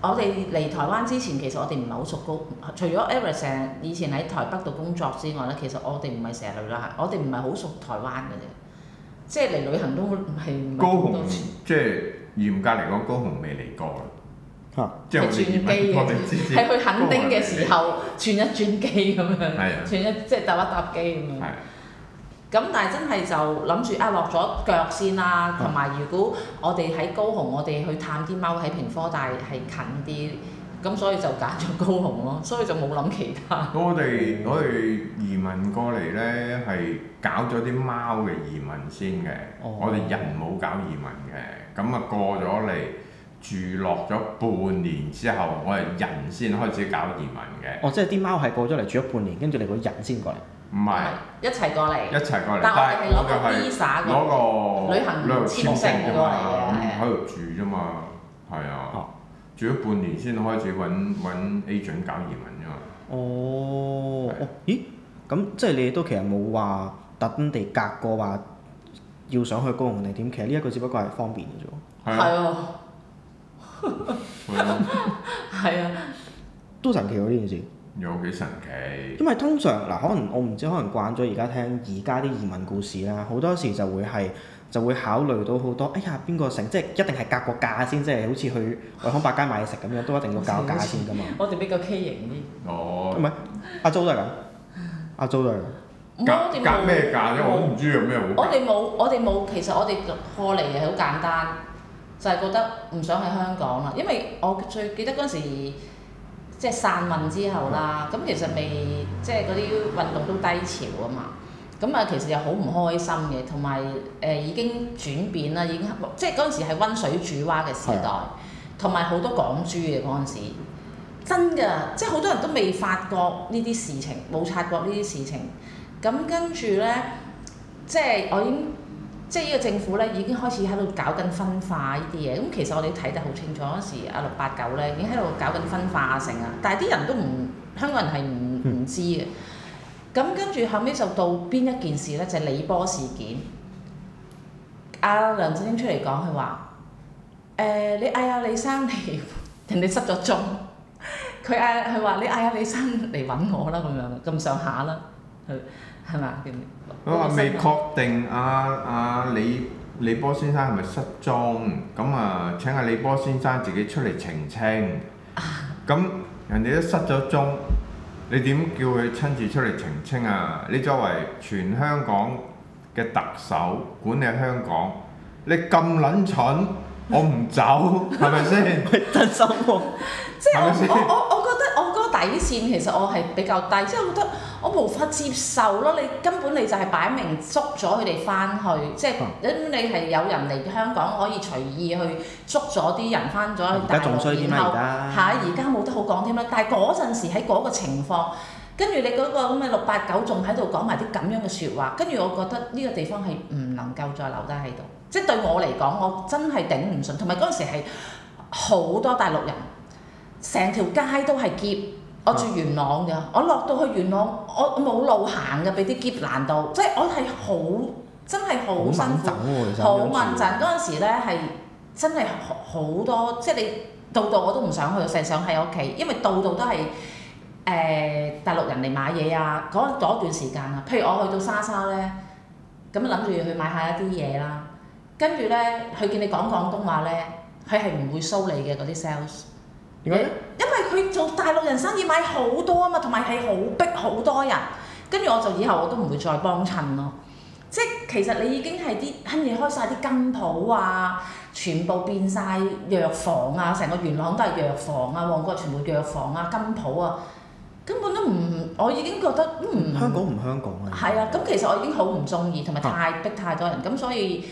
S2: 我哋嚟台灣之前，其實我哋唔係好熟高，除咗 Evers 成以前喺台北度工作之外咧，其實我哋唔係成日嚟旅行，我哋唔係好熟台灣嘅啫。即係嚟旅行都唔係高多，
S3: 即係嚴格嚟講，高雄未嚟過啦。嚇、啊！即係我哋轉機係去墾丁嘅時候
S2: 轉一轉機咁樣，轉一即係搭一搭機咁樣。係、啊。咁但係真係就諗住啊落咗腳先啦，同埋、啊、如果我哋喺高雄，我哋去探啲踎喺屏科大係近啲。咁所以就揀咗高雄咯，所以就冇諗其他。
S3: 我哋我哋移民過嚟咧，係搞咗啲貓嘅移民先嘅。我哋人冇搞移民嘅，咁啊過咗嚟住落咗半年之後，我哋人先開始搞移民嘅。
S1: 哦，即係啲貓係過咗嚟住咗半年，跟住你個人先過嚟。唔
S2: 係一齊過嚟，一齊過嚟。但係攞個旅行旅遊簽證過嚟嘅，係
S3: 啊，喺度住啫嘛，係啊。住咗半年先開始揾揾 agent 搞移民
S1: 啫嘛。哦，是哦，咦，咁即係你都其實冇話特登地隔過話要想去高雄定點，其實呢一個只不過係方便嘅啫喎。
S2: 係啊。係 啊。
S1: 都神奇喎呢件事。
S3: 有幾神奇？
S1: 因為通常嗱，可能我唔知，可能慣咗而家聽而家啲移民故事啦，好多時就會係。就會考慮到好多，哎呀邊個成，即係一定係格個價先，即係好似去惠康百佳買嘢食咁樣，都一定要格個價先㗎嘛。
S2: 我哋比較畸形啲。
S1: 哦，唔係，阿周都係㗎，阿周都
S2: 係。格格咩價啫？我都唔
S3: 知有咩好。我
S2: 哋冇，我哋冇。其實我哋過嚟係好簡單，就係、是、覺得唔想喺香港啦，因為我最記得嗰時即係、就是、傘運之後啦。咁、嗯嗯、其實未，即係嗰啲運動都低潮啊嘛。咁啊，其實又好唔開心嘅，同埋誒已經轉變啦，已經即係嗰陣時係温水煮蛙嘅時代，同埋好多港珠嘅嗰陣時，真㗎，即係好多人都未發覺呢啲事情，冇察覺呢啲事情，咁跟住咧，即係我已經，即係呢個政府咧已經開始喺度搞緊分化呢啲嘢，咁其實我哋睇得好清楚嗰時阿六八九咧已經喺度搞緊分化成啊，但係啲人都唔香港人係唔唔知嘅。嗯咁跟住後尾就到邊一件事咧？就係李波事件。阿梁振英出嚟講，佢話：誒，你嗌阿李生嚟，人哋失咗蹤。佢嗌佢話：你嗌阿李生嚟揾我啦，咁樣咁上下啦。佢係嘛？佢話未確
S3: 定阿阿李李波先生係咪失蹤？咁啊，請阿李波先生自己出嚟澄清。咁人哋都失咗蹤。你點叫佢親自出嚟澄清啊？你作為全香港嘅特首，管理香港，你咁撚蠢，我唔走，係咪先？特首，即係我我
S2: 我覺得我嗰個底線，其實我係比較低，即係我覺得。我無法接受咯，你根本你就係擺明捉咗佢哋翻去，嗯，即係你係有人嚟香港可以隨意去捉咗啲人翻咗去大陸，衰然後嚇而家冇得好講添啦。但係嗰陣時喺嗰個情況，跟住你嗰個咁嘅六八九仲喺度講埋啲咁樣嘅説話，跟住我覺得呢個地方係唔能夠再留低喺度，即係對我嚟講，我真係頂唔順，同埋嗰陣時係好多大陸人，成條街都係劫。我住元朗嘅，我落到去元朗，我冇路行嘅，俾啲劫難到。即係我係好真係好辛苦，好掹陣嗰陣時咧，係真係好多，即係你到到我都唔想去，成日想喺屋企，因為到到都係誒、呃、大陸人嚟買嘢啊。嗰段時間啊，譬如我去到沙沙咧，咁樣諗住去買下一啲嘢啦，跟住咧佢見你講廣東話咧，佢係唔會 show 你嘅嗰啲 sales。為因為佢做大陸人生意買好多啊嘛，同埋係好逼好多人。跟住我就以後我都唔會再幫襯咯。即係其實你已經係啲肯義開晒啲金鋪啊，全部變晒藥房啊，成個元朗都係藥房啊，旺角全部藥房啊，金鋪啊，根本都唔，我已經覺得唔、嗯、香
S1: 港唔香港啊。
S2: 係啊，咁其實我已經好唔中意，同埋太逼太多人。咁、啊、所以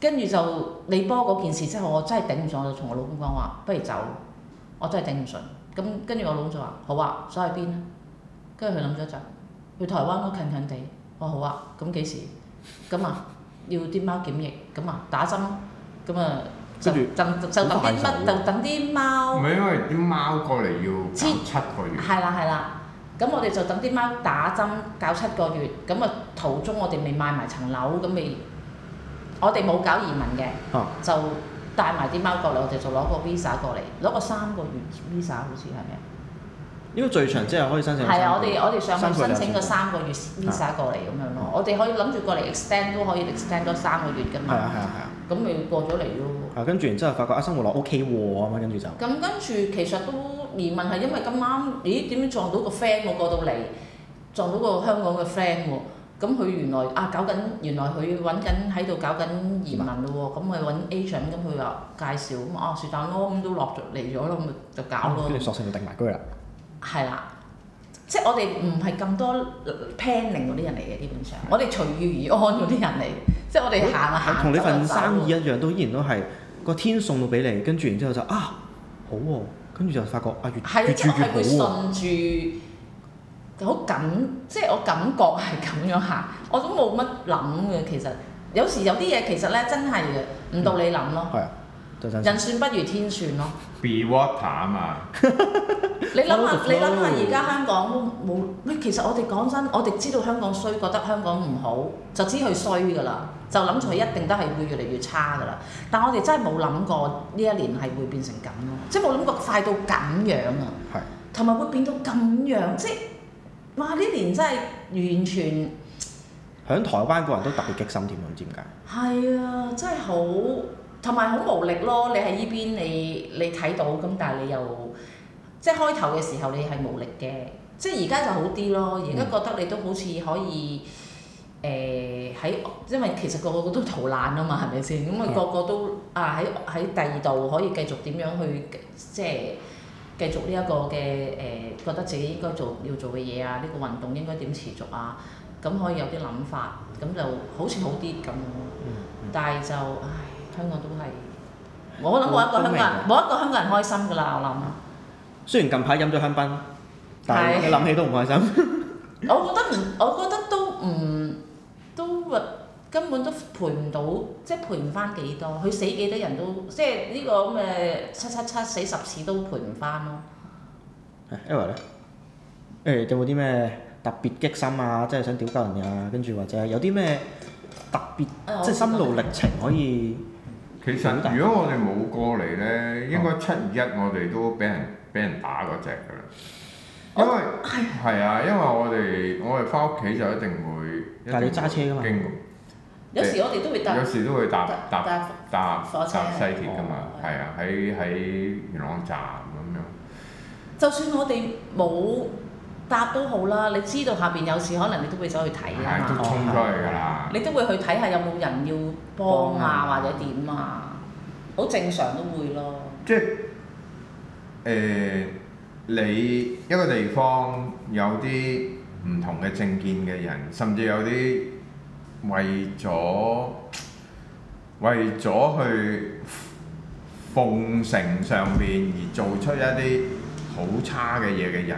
S2: 跟住就李波嗰件事之後，我真係頂唔上，我就同我老公講話，不如走。我真係頂唔順，咁跟住我老公就話：好啊，所想去邊啊？跟住佢諗咗一陣，去台灣咯，近近地。我話好啊，咁幾時？咁啊，要啲貓檢疫，咁啊打針，咁啊
S3: 就就就等啲乜？就，啊、就
S2: 等啲貓。唔係因
S3: 為啲貓過嚟要搞七
S2: 個月。係啦係啦，咁我哋就等啲貓打針搞七個月，咁啊途中我哋未買埋層樓，咁未我哋冇搞移民嘅，Huh. 就。帶埋啲貓過嚟，我哋就攞個 visa 過嚟，攞個三個月 visa 好似係咩？
S1: 應該最長之後可以申請。係啊，我哋我哋上去申請個三
S2: 個月 visa 過嚟咁樣咯。嗯、我哋可以諗住過嚟 extend 都可以 extend 多三個月㗎嘛。係啊係啊係啊，咁咪、啊啊、過咗嚟
S1: 咯。跟住之後發覺啊生活落 OK 喎，啊嘛，跟住就。
S2: 咁、嗯、跟住其實都疑問係因為咁啱咦點樣撞到個 friend 我過到嚟，撞到個香港嘅 friend 喎。咁佢原來啊搞緊，原來佢揾緊喺度搞緊移民咯喎，咁佢揾 agent，咁佢話介紹，咁啊樹棟咯，咁、啊、都落咗嚟咗咯，咁咪就搞咯。跟住、啊、索
S1: 性就定埋居啦。
S2: 係啦，即係我哋唔係咁多 planning 嗰啲人嚟嘅，基本上，我哋隨遇而安嗰啲人嚟，嗯、即係我哋行啊行同你份生意
S1: 一樣，都依然都係個天送到俾你，跟住然之後，後就啊好喎、啊，跟住就發覺啊越的越住越，越，越，越好
S2: 喎。好緊，即係我感覺係咁樣行，我都冇乜諗嘅。其實有時有啲嘢其實咧真係嘅，唔到你諗咯。係啊、嗯，人算不如天算咯。
S3: Be water 啊嘛！
S2: 你諗下，你諗下而家香港都冇咩。其實我哋講真，我哋知道香港衰，覺得香港唔好，就知佢衰㗎啦，就諗住佢一定都係會越嚟越差㗎啦。但我哋真係冇諗過呢一年係會變成咁咯，即係冇諗過快到咁樣啊！係，同埋會變到咁樣，即係。哇！呢年真係完全
S1: 喺台灣個人都特別激心添，唔知點解？
S2: 係啊，真係好同埋好無力咯。你喺呢邊，你你睇到咁，但係你又即係開頭嘅時候，你係無力嘅。即係而家就好啲咯，而家、嗯、覺得你都好似可以誒喺、呃，因為其實個個都逃難啊嘛，係咪先？咁、嗯、啊，個個都啊喺喺第二度可以繼續點樣去即係。繼續呢一個嘅誒、呃，覺得自己應該做要做嘅嘢啊，呢、呢個運動應該點持續啊，咁可以有啲諗法，咁就好似好啲咁咯。嗯嗯、但係就唉，香港都係，
S1: 我諗冇一個香港
S2: 人，冇名一個香港人開心㗎啦。我諗。
S1: 雖然近排飲咗香檳，
S2: 但係你諗的起
S1: 都唔開心。
S2: 我覺得唔，我覺得都唔，都根本都賠唔到，即係賠唔翻幾多，佢死幾多人都，即係、這、呢個咁嘅七七七死十次都賠唔翻咯。誒
S1: Ever 咧，誒、欸、有冇啲咩特別激心啊？即係想屌鳩人啊？跟住或
S3: 者有啲咩特別、哦、即係心路歷程可以？其實如果我哋冇過嚟咧，嗯、應該七二一我哋都俾人俾、哦、人打嗰隻噶啦。因為係、哎、呀啊，因為我哋我哋翻屋企就一定會，定會但係你揸車噶嘛。
S2: 有時我哋都會搭，有時都
S3: 會搭搭搭搭火車啊，西鐵㗎嘛，係啊、哦，喺喺元朗站咁
S2: 樣。就算我哋冇搭都好啦，你知道下邊有事，可能你都會走去睇下，都衝出去㗎啦。的你都會去睇下有冇人要幫啊，幫啊或者點啊，好正常都會咯。即係
S3: 誒、呃，你一個地方有啲唔同嘅政見嘅人，甚至有啲。為咗為咗去奉承上邊而做出一啲好差嘅嘢嘅人，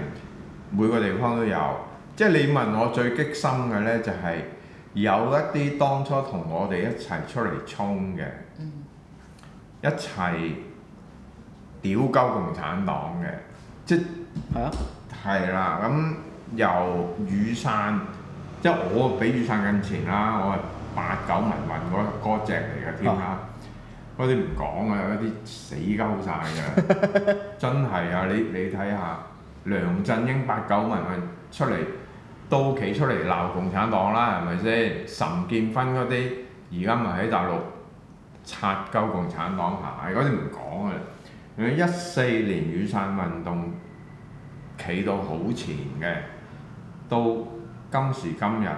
S3: 每個地方都有。即係你問我最激心嘅呢，就係、是、有一啲當初同我哋一齊出嚟衝嘅，嗯、一齊屌鳩共產黨嘅，即係係係啦，咁、啊嗯、由雨傘。即係我比雨傘近前啦，我係八九民運嗰隻嚟嘅添啊！嗰啲唔講啊，嗰啲死鳩晒嘅， 真係啊！你你睇下梁振英八九民運出嚟都企出嚟鬧共產黨啦，係咪先？岑建勳嗰啲而家咪喺大陸拆鳩共產黨下，嗰啲唔講啊！佢一四年雨傘運動企到好前嘅，都～今時今日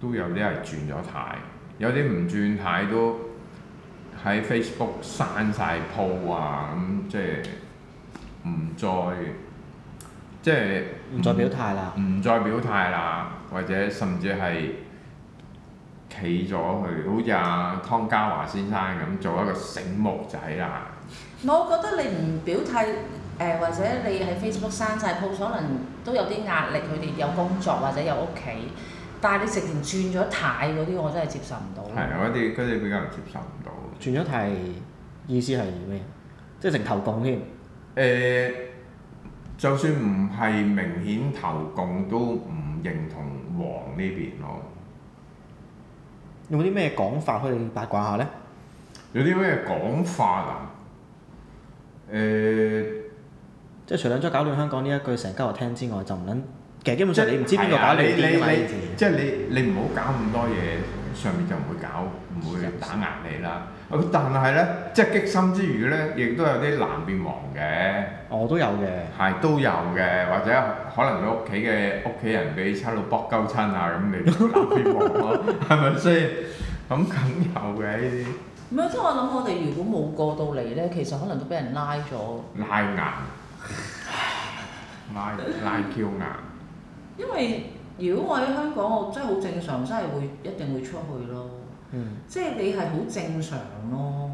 S3: 都有啲係轉咗態，有啲唔轉態都喺 Facebook 刪晒鋪啊！咁、嗯、即係唔再即係唔再表態啦，唔再表態啦，或者甚至係企咗佢，好似阿、啊、湯家華先生咁，做一個醒目仔啦。
S2: 我覺得你唔表態。誒、呃、或者你喺 Facebook 刪晒鋪，可能都有啲壓力。佢哋有工作或者有屋企，但係你直情轉咗態嗰啲，我真係接受唔到。係，我哋
S3: 佢哋比較接受唔到。轉咗態，意思係咩？即係成投共添。誒、欸，就算唔係明顯投共，都唔認同黃呢邊咯。有
S1: 冇啲咩講法可以八卦下咧？
S3: 有啲咩講法啊？誒、欸。即係除咗
S1: 搞亂香港呢一句成家話聽之外，就唔撚其實基本上你唔知邊是個搞亂你掂嘅，
S3: 即係你你唔好搞咁多嘢，上面就唔會搞，唔會打壓你啦。嗯、但係咧，即係激心之餘咧，亦都有啲藍變黃嘅。我、哦、都有嘅。係都有嘅，或者可能你屋企嘅屋企人俾差佬搏鳩親啊，咁你都藍變黃咯，係咪 所以咁梗有嘅呢啲。
S2: 唔係、嗯，即係我諗，我哋如果冇過到嚟咧，其實可能都俾人拉咗。
S3: 拉硬。拉拉嬌牙。
S2: 因為如果我喺香港，我真係好正常，真係會一定會出去咯。嗯。即係你係好正常咯。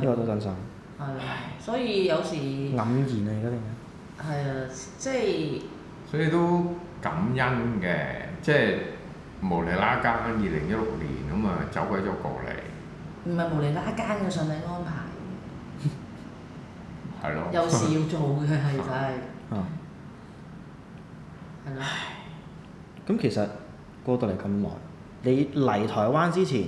S2: 因為
S3: 都真心。係，
S2: 所以有時。黯
S3: 然啊！而家啲。係啊，即
S2: 係。
S3: 所以都感恩嘅，即係無釐啦更，二零一六年咁啊，走鬼咗過嚟。
S2: 唔係無釐啦更嘅上帝安排。
S3: 係咯。有事要
S2: 做嘅係就係。唉，
S1: 咁其實過到嚟咁耐，你嚟台灣之前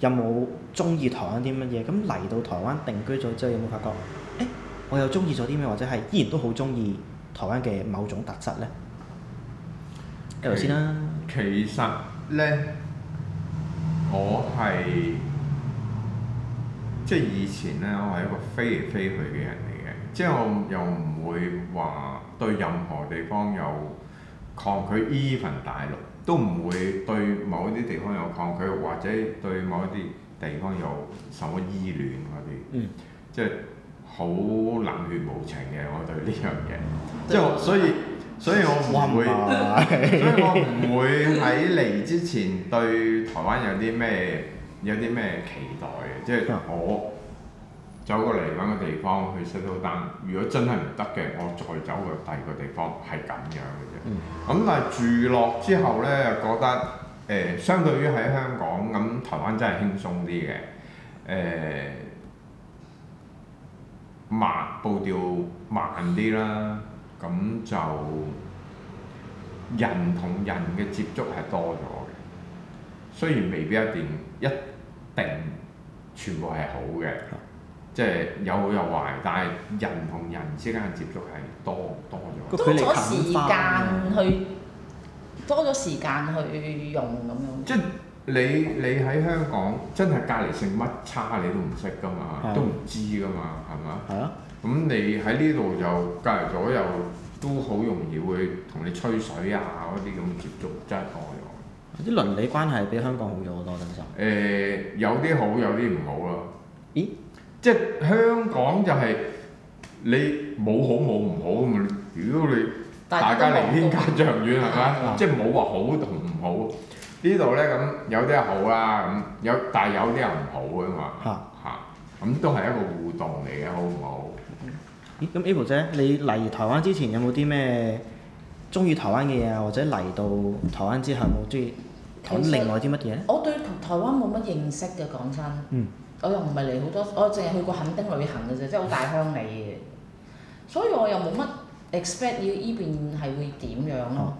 S1: 有冇中意台灣啲乜嘢？咁嚟到台灣定居咗之後，有冇發覺？誒，我又中意咗啲咩？或者係依然都好中意台灣嘅某種特質呢？
S3: 例如先啦，其實呢，我係即係以前呢，我係一個飛嚟飛去嘅人嚟嘅，即係我又唔會話對任何地方有。抗拒依份大陸，都唔會對某一啲地方有抗拒，或者對某一啲地方有什麼依戀嗰啲。嗯，即係好冷血無情嘅我對呢樣嘢。即係，所以，所以我唔會，所以我唔會喺嚟之前對台灣有啲咩有啲咩期待嘅。即係我。嗯走過嚟揾個地方去熄特丹，如果真係唔得嘅，我再走個第二個地方係咁樣嘅啫。咁、嗯嗯、但係住落之後呢，又覺得誒、呃，相對於喺香港咁、嗯，台灣真係輕鬆啲嘅誒，慢、呃、步調慢啲啦，咁、嗯、就人同人嘅接觸係多咗嘅，雖然未必一定一定全部係好嘅。即係有好有壞，但係人同人之間嘅接觸係多多咗，多咗時,時間
S2: 去， 多咗時間去用咁樣。即係
S3: 你你喺香港真係隔離性乜差你都唔識㗎嘛，的都唔知㗎嘛，係嘛？係啊的。咁你喺呢度又隔離咗又都好容易會同你吹水啊嗰啲咁接觸，真係多咗。啲
S1: 倫理關係比香港好咗好多，感受。
S3: 誒、欸，有啲好，有啲唔好咯。咦？即係香港就係你冇好冇唔好咁，如果你
S1: 大家離天
S3: 隔丈遠，係咪即係冇話好同唔好呢度咧？咁有啲好啦、啊、咁有，但係有啲人唔好嘅嘛嚇嚇，咁都係一個互動嚟嘅，好唔好？
S1: 咦？咁 April 姐你嚟台灣之前有冇啲咩中意台灣嘅嘢啊？或者嚟到台灣之後有冇中意睇另外啲乜嘢咧？我
S2: 對台灣冇乜認識嘅，講真。嗯我又唔係嚟好多，我淨係去過墾丁旅行嘅啫，即係好大鄉里嘅，所以我又冇乜 expect 要依邊係會點樣、哦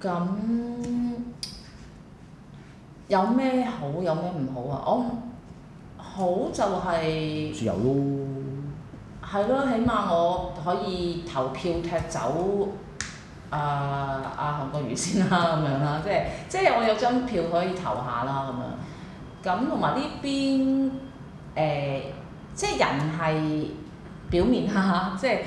S2: 就是、咯。咁有咩好有咩唔好啊？我好就係自
S1: 由咯。
S2: 係咯，起碼我可以投票踢走啊啊韓國瑜先啦，咁、嗯、樣啦，即係即係我有張票可以投下啦，咁樣。咁同埋呢邊誒、呃，即係人係表面嚇，即係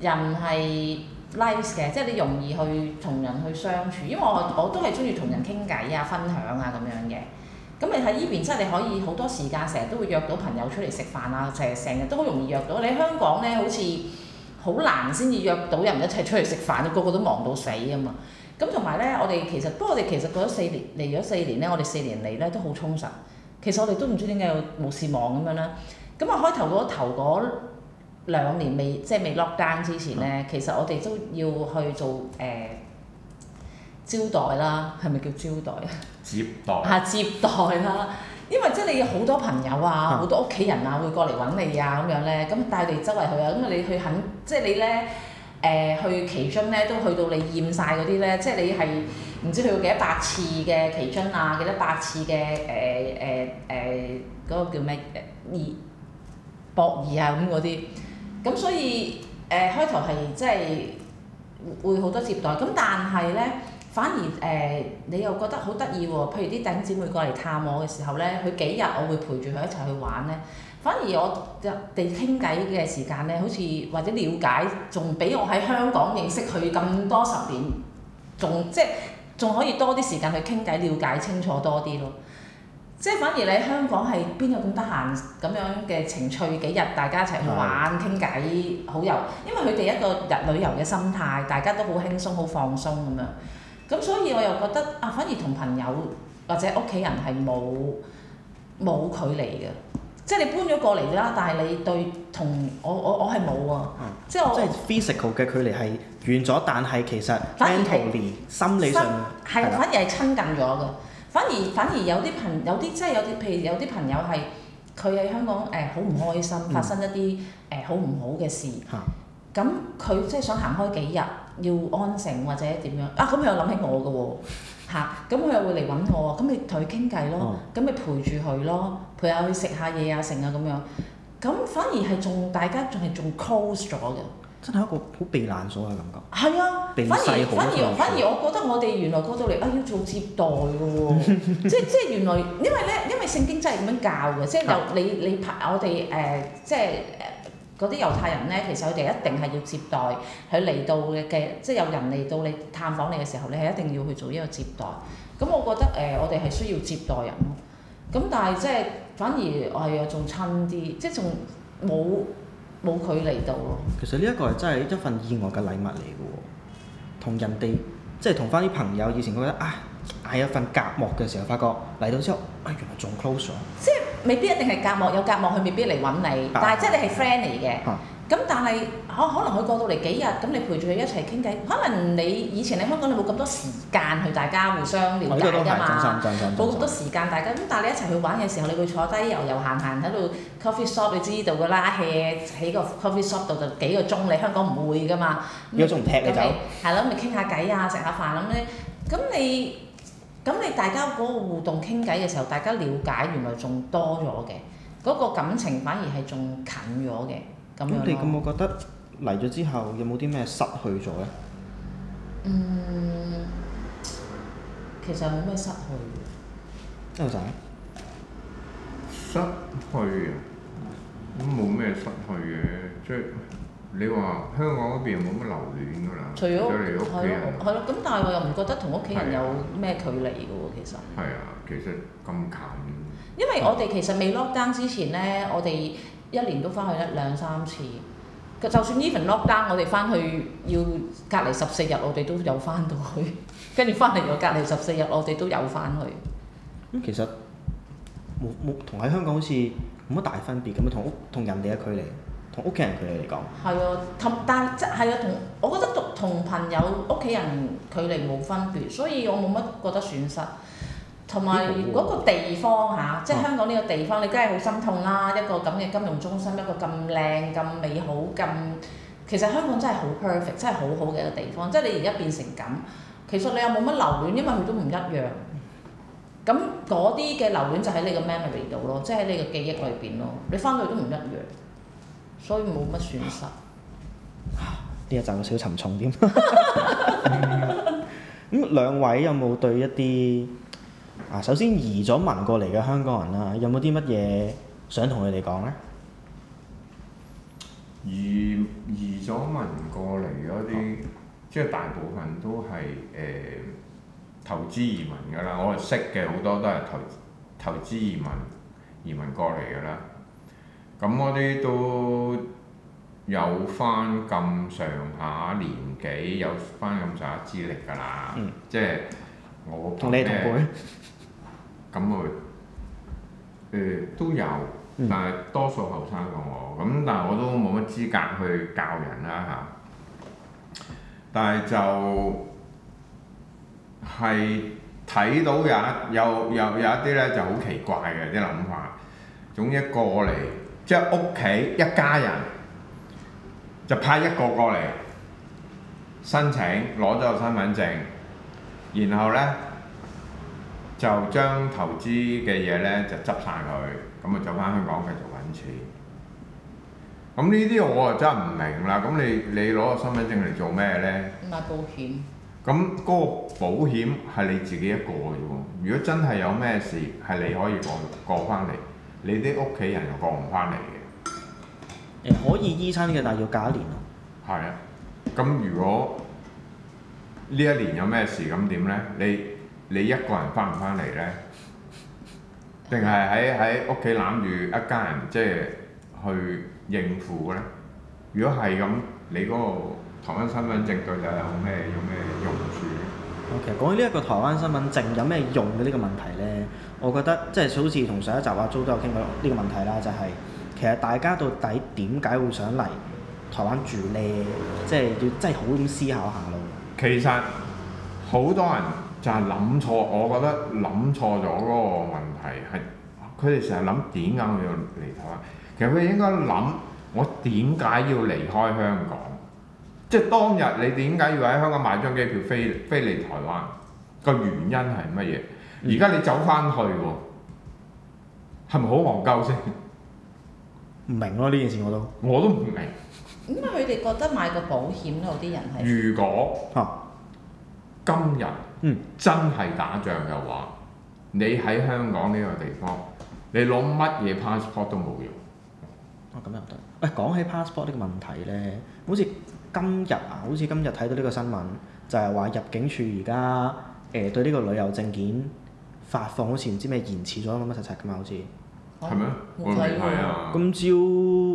S2: 人係 nice 嘅，即係你容易去同人去相處。因為我我都係中意同人傾偈啊、分享啊咁樣嘅。咁你喺呢邊即係你可以好多時間，成日都會約到朋友出嚟食飯啊，成成日都好容易約到。你喺香港咧好似好難先至約到人一齊出嚟食飯，個個都忙到死啊嘛。咁同埋咧，我哋其實不過我哋其實過咗四年，嚟咗四年咧，我哋四年嚟咧都好充實。其實我哋都唔知點解會無事忙咁樣啦。咁啊開頭嗰頭嗰兩年未，即係未 lock down 之前咧，嗯、其實我哋都要去做誒、呃、招待啦，係咪叫招待啊？
S3: 接待。嚇、啊，接
S2: 待啦，因為即係你好多朋友啊，好、嗯、多屋企人啊，會過嚟揾你啊咁樣咧，咁帶你周圍去啊。咁啊，你去肯，即係你咧誒、呃、去其中咧，都去到你驗晒嗰啲咧，即係你係。唔知佢有幾多百次嘅棋樽啊，幾多百次嘅誒誒誒嗰個叫咩誒博二啊咁嗰啲，咁所以誒開頭係即係會好多接待，咁但係咧反而誒、呃、你又覺得好得意喎，譬如啲等姊妹過嚟探我嘅時候咧，佢幾日我會陪住佢一齊去玩咧，反而我哋傾偈嘅時間咧，好似或者了解仲比我喺香港認識佢咁多十年，仲即係。仲可以多啲時間去傾偈，了解清楚多啲咯。即係反而你香港係邊有咁得閒咁樣嘅情趣？幾日大家一齊去玩傾偈，好的有，因為佢哋一個日旅遊嘅心態，大家都好輕鬆、好放鬆咁樣。咁所以我又覺得啊，反而同朋友或者屋企人係冇冇距離嘅。即係你搬咗過嚟啦，但係你對同我我我係冇喎，即係
S1: physical 嘅距離係遠咗，但係其實 a n 心理上係反
S2: 而係親近咗嘅，反而反而有啲朋有啲即係有啲譬如有啲朋友係佢喺香港誒好唔開心，發生一啲誒好唔好嘅事，咁佢即係想行開幾日要安靜或者點樣啊？咁佢又諗起我㗎喎。嚇！咁佢、嗯、又會嚟揾我，咁咪同佢傾偈咯，咁咪、嗯、陪住佢咯，陪下去食下嘢啊，成啊咁樣，咁反而係仲大家仲係仲 close 咗嘅。真係一個好避
S1: 難所嘅感覺。
S2: 係啊反，反而、嗯、反而反而，我覺得我哋原來過到嚟啊，要做接待喎、哦， 即即原來，因為咧，因為聖經真係咁樣教嘅，即有、啊、你你拍我哋誒、呃，即。嗰啲猶太人咧，其實佢哋一定係要接待佢嚟到嘅，即係有人嚟到你探訪你嘅時候，你係一定要去做呢個接待。咁我覺得誒、呃，我哋係需要接待人咯。咁但係即係反而我係又仲親啲，即係仲冇冇佢嚟到咯。
S1: 其實呢一個係真係一份意外嘅禮物嚟嘅喎，同人哋即係同返啲朋友以前覺得啊～喺一份隔膜嘅時候，發覺嚟到之後，啊，原來仲 close 咗。
S2: 即係未必一定係隔膜，有隔膜佢未必嚟揾你。但係即係你係 friend 嚟嘅。咁但係可可能佢過到嚟幾日，咁你陪住佢一齊傾偈。可能你以前喺香港你冇咁多時間去大家互相瞭解㗎嘛。冇咁多時間大家咁，但係你一齊去玩嘅時候，你會坐低悠悠閒閒喺度 coffee shop，你知道㗎啦。hea 喺個 coffee shop 度就幾個鐘你，香港唔會㗎嘛。幾個鐘唔劈㗎就係咯，咪傾下偈啊，食下飯咁咧。咁你咁你大家嗰個互動傾偈嘅時候，大家了解原來仲多咗嘅，嗰、嗰個感情反而係仲近咗嘅，咁樣咯。咁你
S1: 哋咁覺得嚟咗之後，有冇啲咩
S3: 失去咗咧？嗯，
S2: 其實冇咩失， 失去。有
S3: 冇嘢？失去啊，都冇咩失去嘅，即係。你話香港嗰邊冇乜
S2: 留戀㗎啦，除咗屋企人，係咯。咁但係我又唔覺得同屋企人有咩距離㗎喎，其實。係啊，其實咁近。因為我哋其實未 lock down 之前咧，我哋一年都翻去一兩三次。就算 even lock down，我哋翻去要隔離十四日，我哋都有翻到去。跟住翻嚟又隔離十四日，我哋都有翻去。
S1: 咁、嗯、其實冇冇同喺香港好似冇乜大分別咁啊？同屋同人哋嘅距離。同屋企人距離嚟講，
S2: 係啊，同，但即係啊，同我覺得同朋友屋企人距離冇分別，所以我冇乜覺得損失。同埋嗰個地方嚇，啊、即係香港呢個地方，你梗係好心痛啦！一個咁嘅金融中心，一個咁靚、咁美好、咁其實香港真係好 perfect，真係好好嘅一個地方。即係你而家變成咁，其實你又冇乜留戀，因為佢都唔一樣。咁嗰啲嘅留戀就喺你個 memory 度咯，即係喺你個記憶裏邊咯。你翻到去都唔一樣。所以冇乜損失，
S1: 呢、啊、一集有少沉重點？咁 兩位有冇對一啲啊？首先移咗民過嚟嘅香港人啦，有冇啲乜嘢想同佢哋講
S3: 呢？移移咗民過嚟嗰啲，即係、哦、大部分都係誒、呃、投資移民㗎啦。我哋識嘅，好多都係投投資移民移民過嚟㗎啦。咁我啲都有翻咁上下年紀，有翻咁上下資歷㗎啦。嗯、即係我同你同輩咁啊？誒、嗯、都有，但係多數後生過我咁，但係我都冇乜資格去教人啦嚇。但係就係睇到有一有有有一啲咧，就好奇怪嘅啲諗法，總之過嚟。即係屋企一家人就派一個過嚟申請攞咗個身份證，然後呢，就將投資嘅嘢呢，就執晒佢，咁啊走返香港繼續揾錢。咁呢啲我啊真係唔明啦。咁、嗯、你你攞個身份證嚟做咩呢？
S2: 買保險。
S3: 咁嗰、嗯那個保險係你自己一個嘅啫喎。如果真係有咩事，係你可以過過返嚟。你啲屋企人又過唔翻嚟嘅？可以依親嘅，但係要隔一年咯。係啊，咁如果呢一年有咩事咁點呢？你你一個人翻唔翻嚟呢？定係喺喺屋企攬住一家人即係、就是、去應付呢？如果係咁，你嗰個台灣身份證到底有咩有咩用處？
S1: 其實、okay, 講起呢一個台灣身份證有咩用嘅呢個問題呢，我覺得即係好似同上一集阿 Jo 都有傾過呢個問題啦，就係、是、其實大家到底點解會想嚟台灣住呢？即係要真
S3: 係好咁思考下咯。其實好多人就係諗錯，我覺得諗錯咗嗰個問題係，佢哋成日諗點解我要嚟台灣？其實佢哋應該諗我點解要離開香港？即係當日你點解要喺香港買張機票飛飛嚟台灣？個原因係乜嘢？而家你走翻去喎，係咪好戇鳩先？唔明咯，呢件事我都我都唔明，
S2: 點解佢哋覺得買個保險咯，啲人係
S3: 如果、啊、今日真係打仗嘅話，嗯、你喺香港呢個地方，你攞乜嘢 passport 都冇用。
S1: 哦，咁又唔得喂！講、哎、起 passport 呢個問題咧，好似～今日啊，好似今日睇到呢個新聞，就係、是、話入境處而家誒對呢個旅遊證件發放好似唔知咩延遲咗咁乜實實㗎嘛，好似。
S3: 係咩、哦？冇睇過啊。
S1: 今朝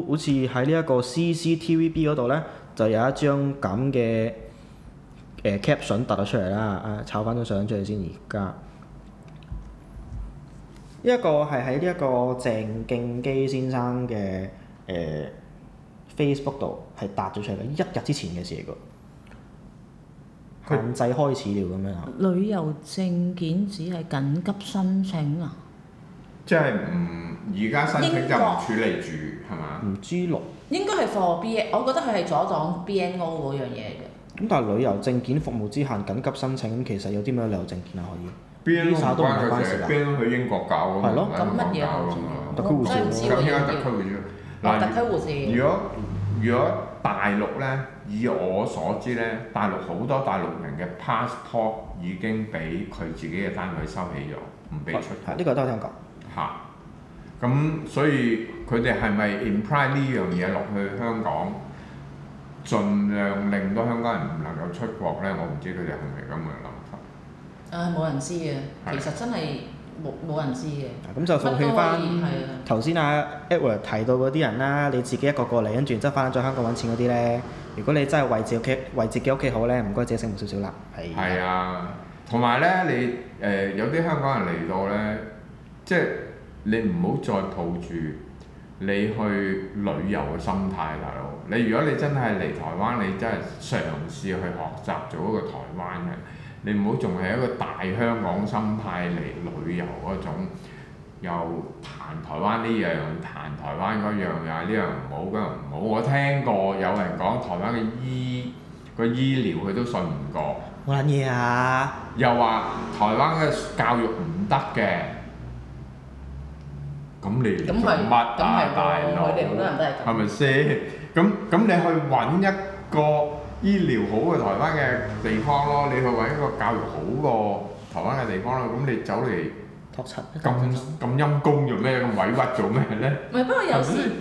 S1: 好似喺呢一個 CCTV B 度呢，就有一張咁嘅誒 caption 凸咗出嚟啦，啊抄翻張相出嚟先，而家。呢一個係喺呢一個鄭敬基先生嘅誒。呃 Facebook 度係發咗出嚟嘅，一日之前嘅事嚟嘅，
S2: 限
S1: 是制開始了咁樣，
S2: 旅遊證件只係緊急申請啊！
S3: 即係唔而家申請就唔處理住係嘛？唔國吧知囉，
S2: 應該係 for B A，我覺得佢係阻擋 B N O 嗰樣嘢
S1: 嘅。咁但係旅遊證件服務之限緊急申請，咁其實有啲咩旅遊證件啊可以
S3: b i NO s b 都唔關事啦，去英國搞係咯。咁乜嘢？
S2: 特區護照，咁依家特
S3: 區護照特區護照如果。要如果大陸呢，以我所知呢，大陸好多大陸人嘅 passport 已經俾佢自己嘅單位收起咗，唔俾出。呢個我都聽講。嚇、啊！咁所以佢哋係咪 imply 呢樣嘢落去香港，是是 country，盡量令到香港人唔能夠出國呢？我唔知佢哋係咪咁嘅諗法。冇、啊、人知啊！其
S2: 實真係。冇冇人知嘅。咁就奉勸翻
S3: 頭先阿，Edward 提
S1: 到嗰啲人啦、啊，你自己一個過嚟，跟住之後翻再香港揾錢嗰啲呢。如果你真係為自己為自己屋企好呢，唔該，
S3: 自己醒悟少少啦。係。啊，同埋呢，你誒、呃、有啲香港人嚟到呢，即係你唔好再抱住你去旅遊嘅心態啦，你如果你真係嚟台灣，你真係嘗試去學習做一個台灣人。你唔好仲係一個大香港心態嚟旅遊嗰種，又彈台灣呢樣，彈台灣嗰樣又係呢樣唔好，嗰樣唔好。我聽過有人講台灣嘅醫個醫療佢都信唔過。冇撚嘢嚇。又話台灣嘅教育唔得嘅。咁你咁係咁係，哦，佢哋好多人都係咁。係咪先？咁咁你去揾一個醫療好嘅台灣嘅地方咯，你去揾一個教育好過台灣嘅地方咯，咁你走嚟咁咁陰公做咩？咁委屈做咩呢？唔係，
S2: 不過有時、嗯、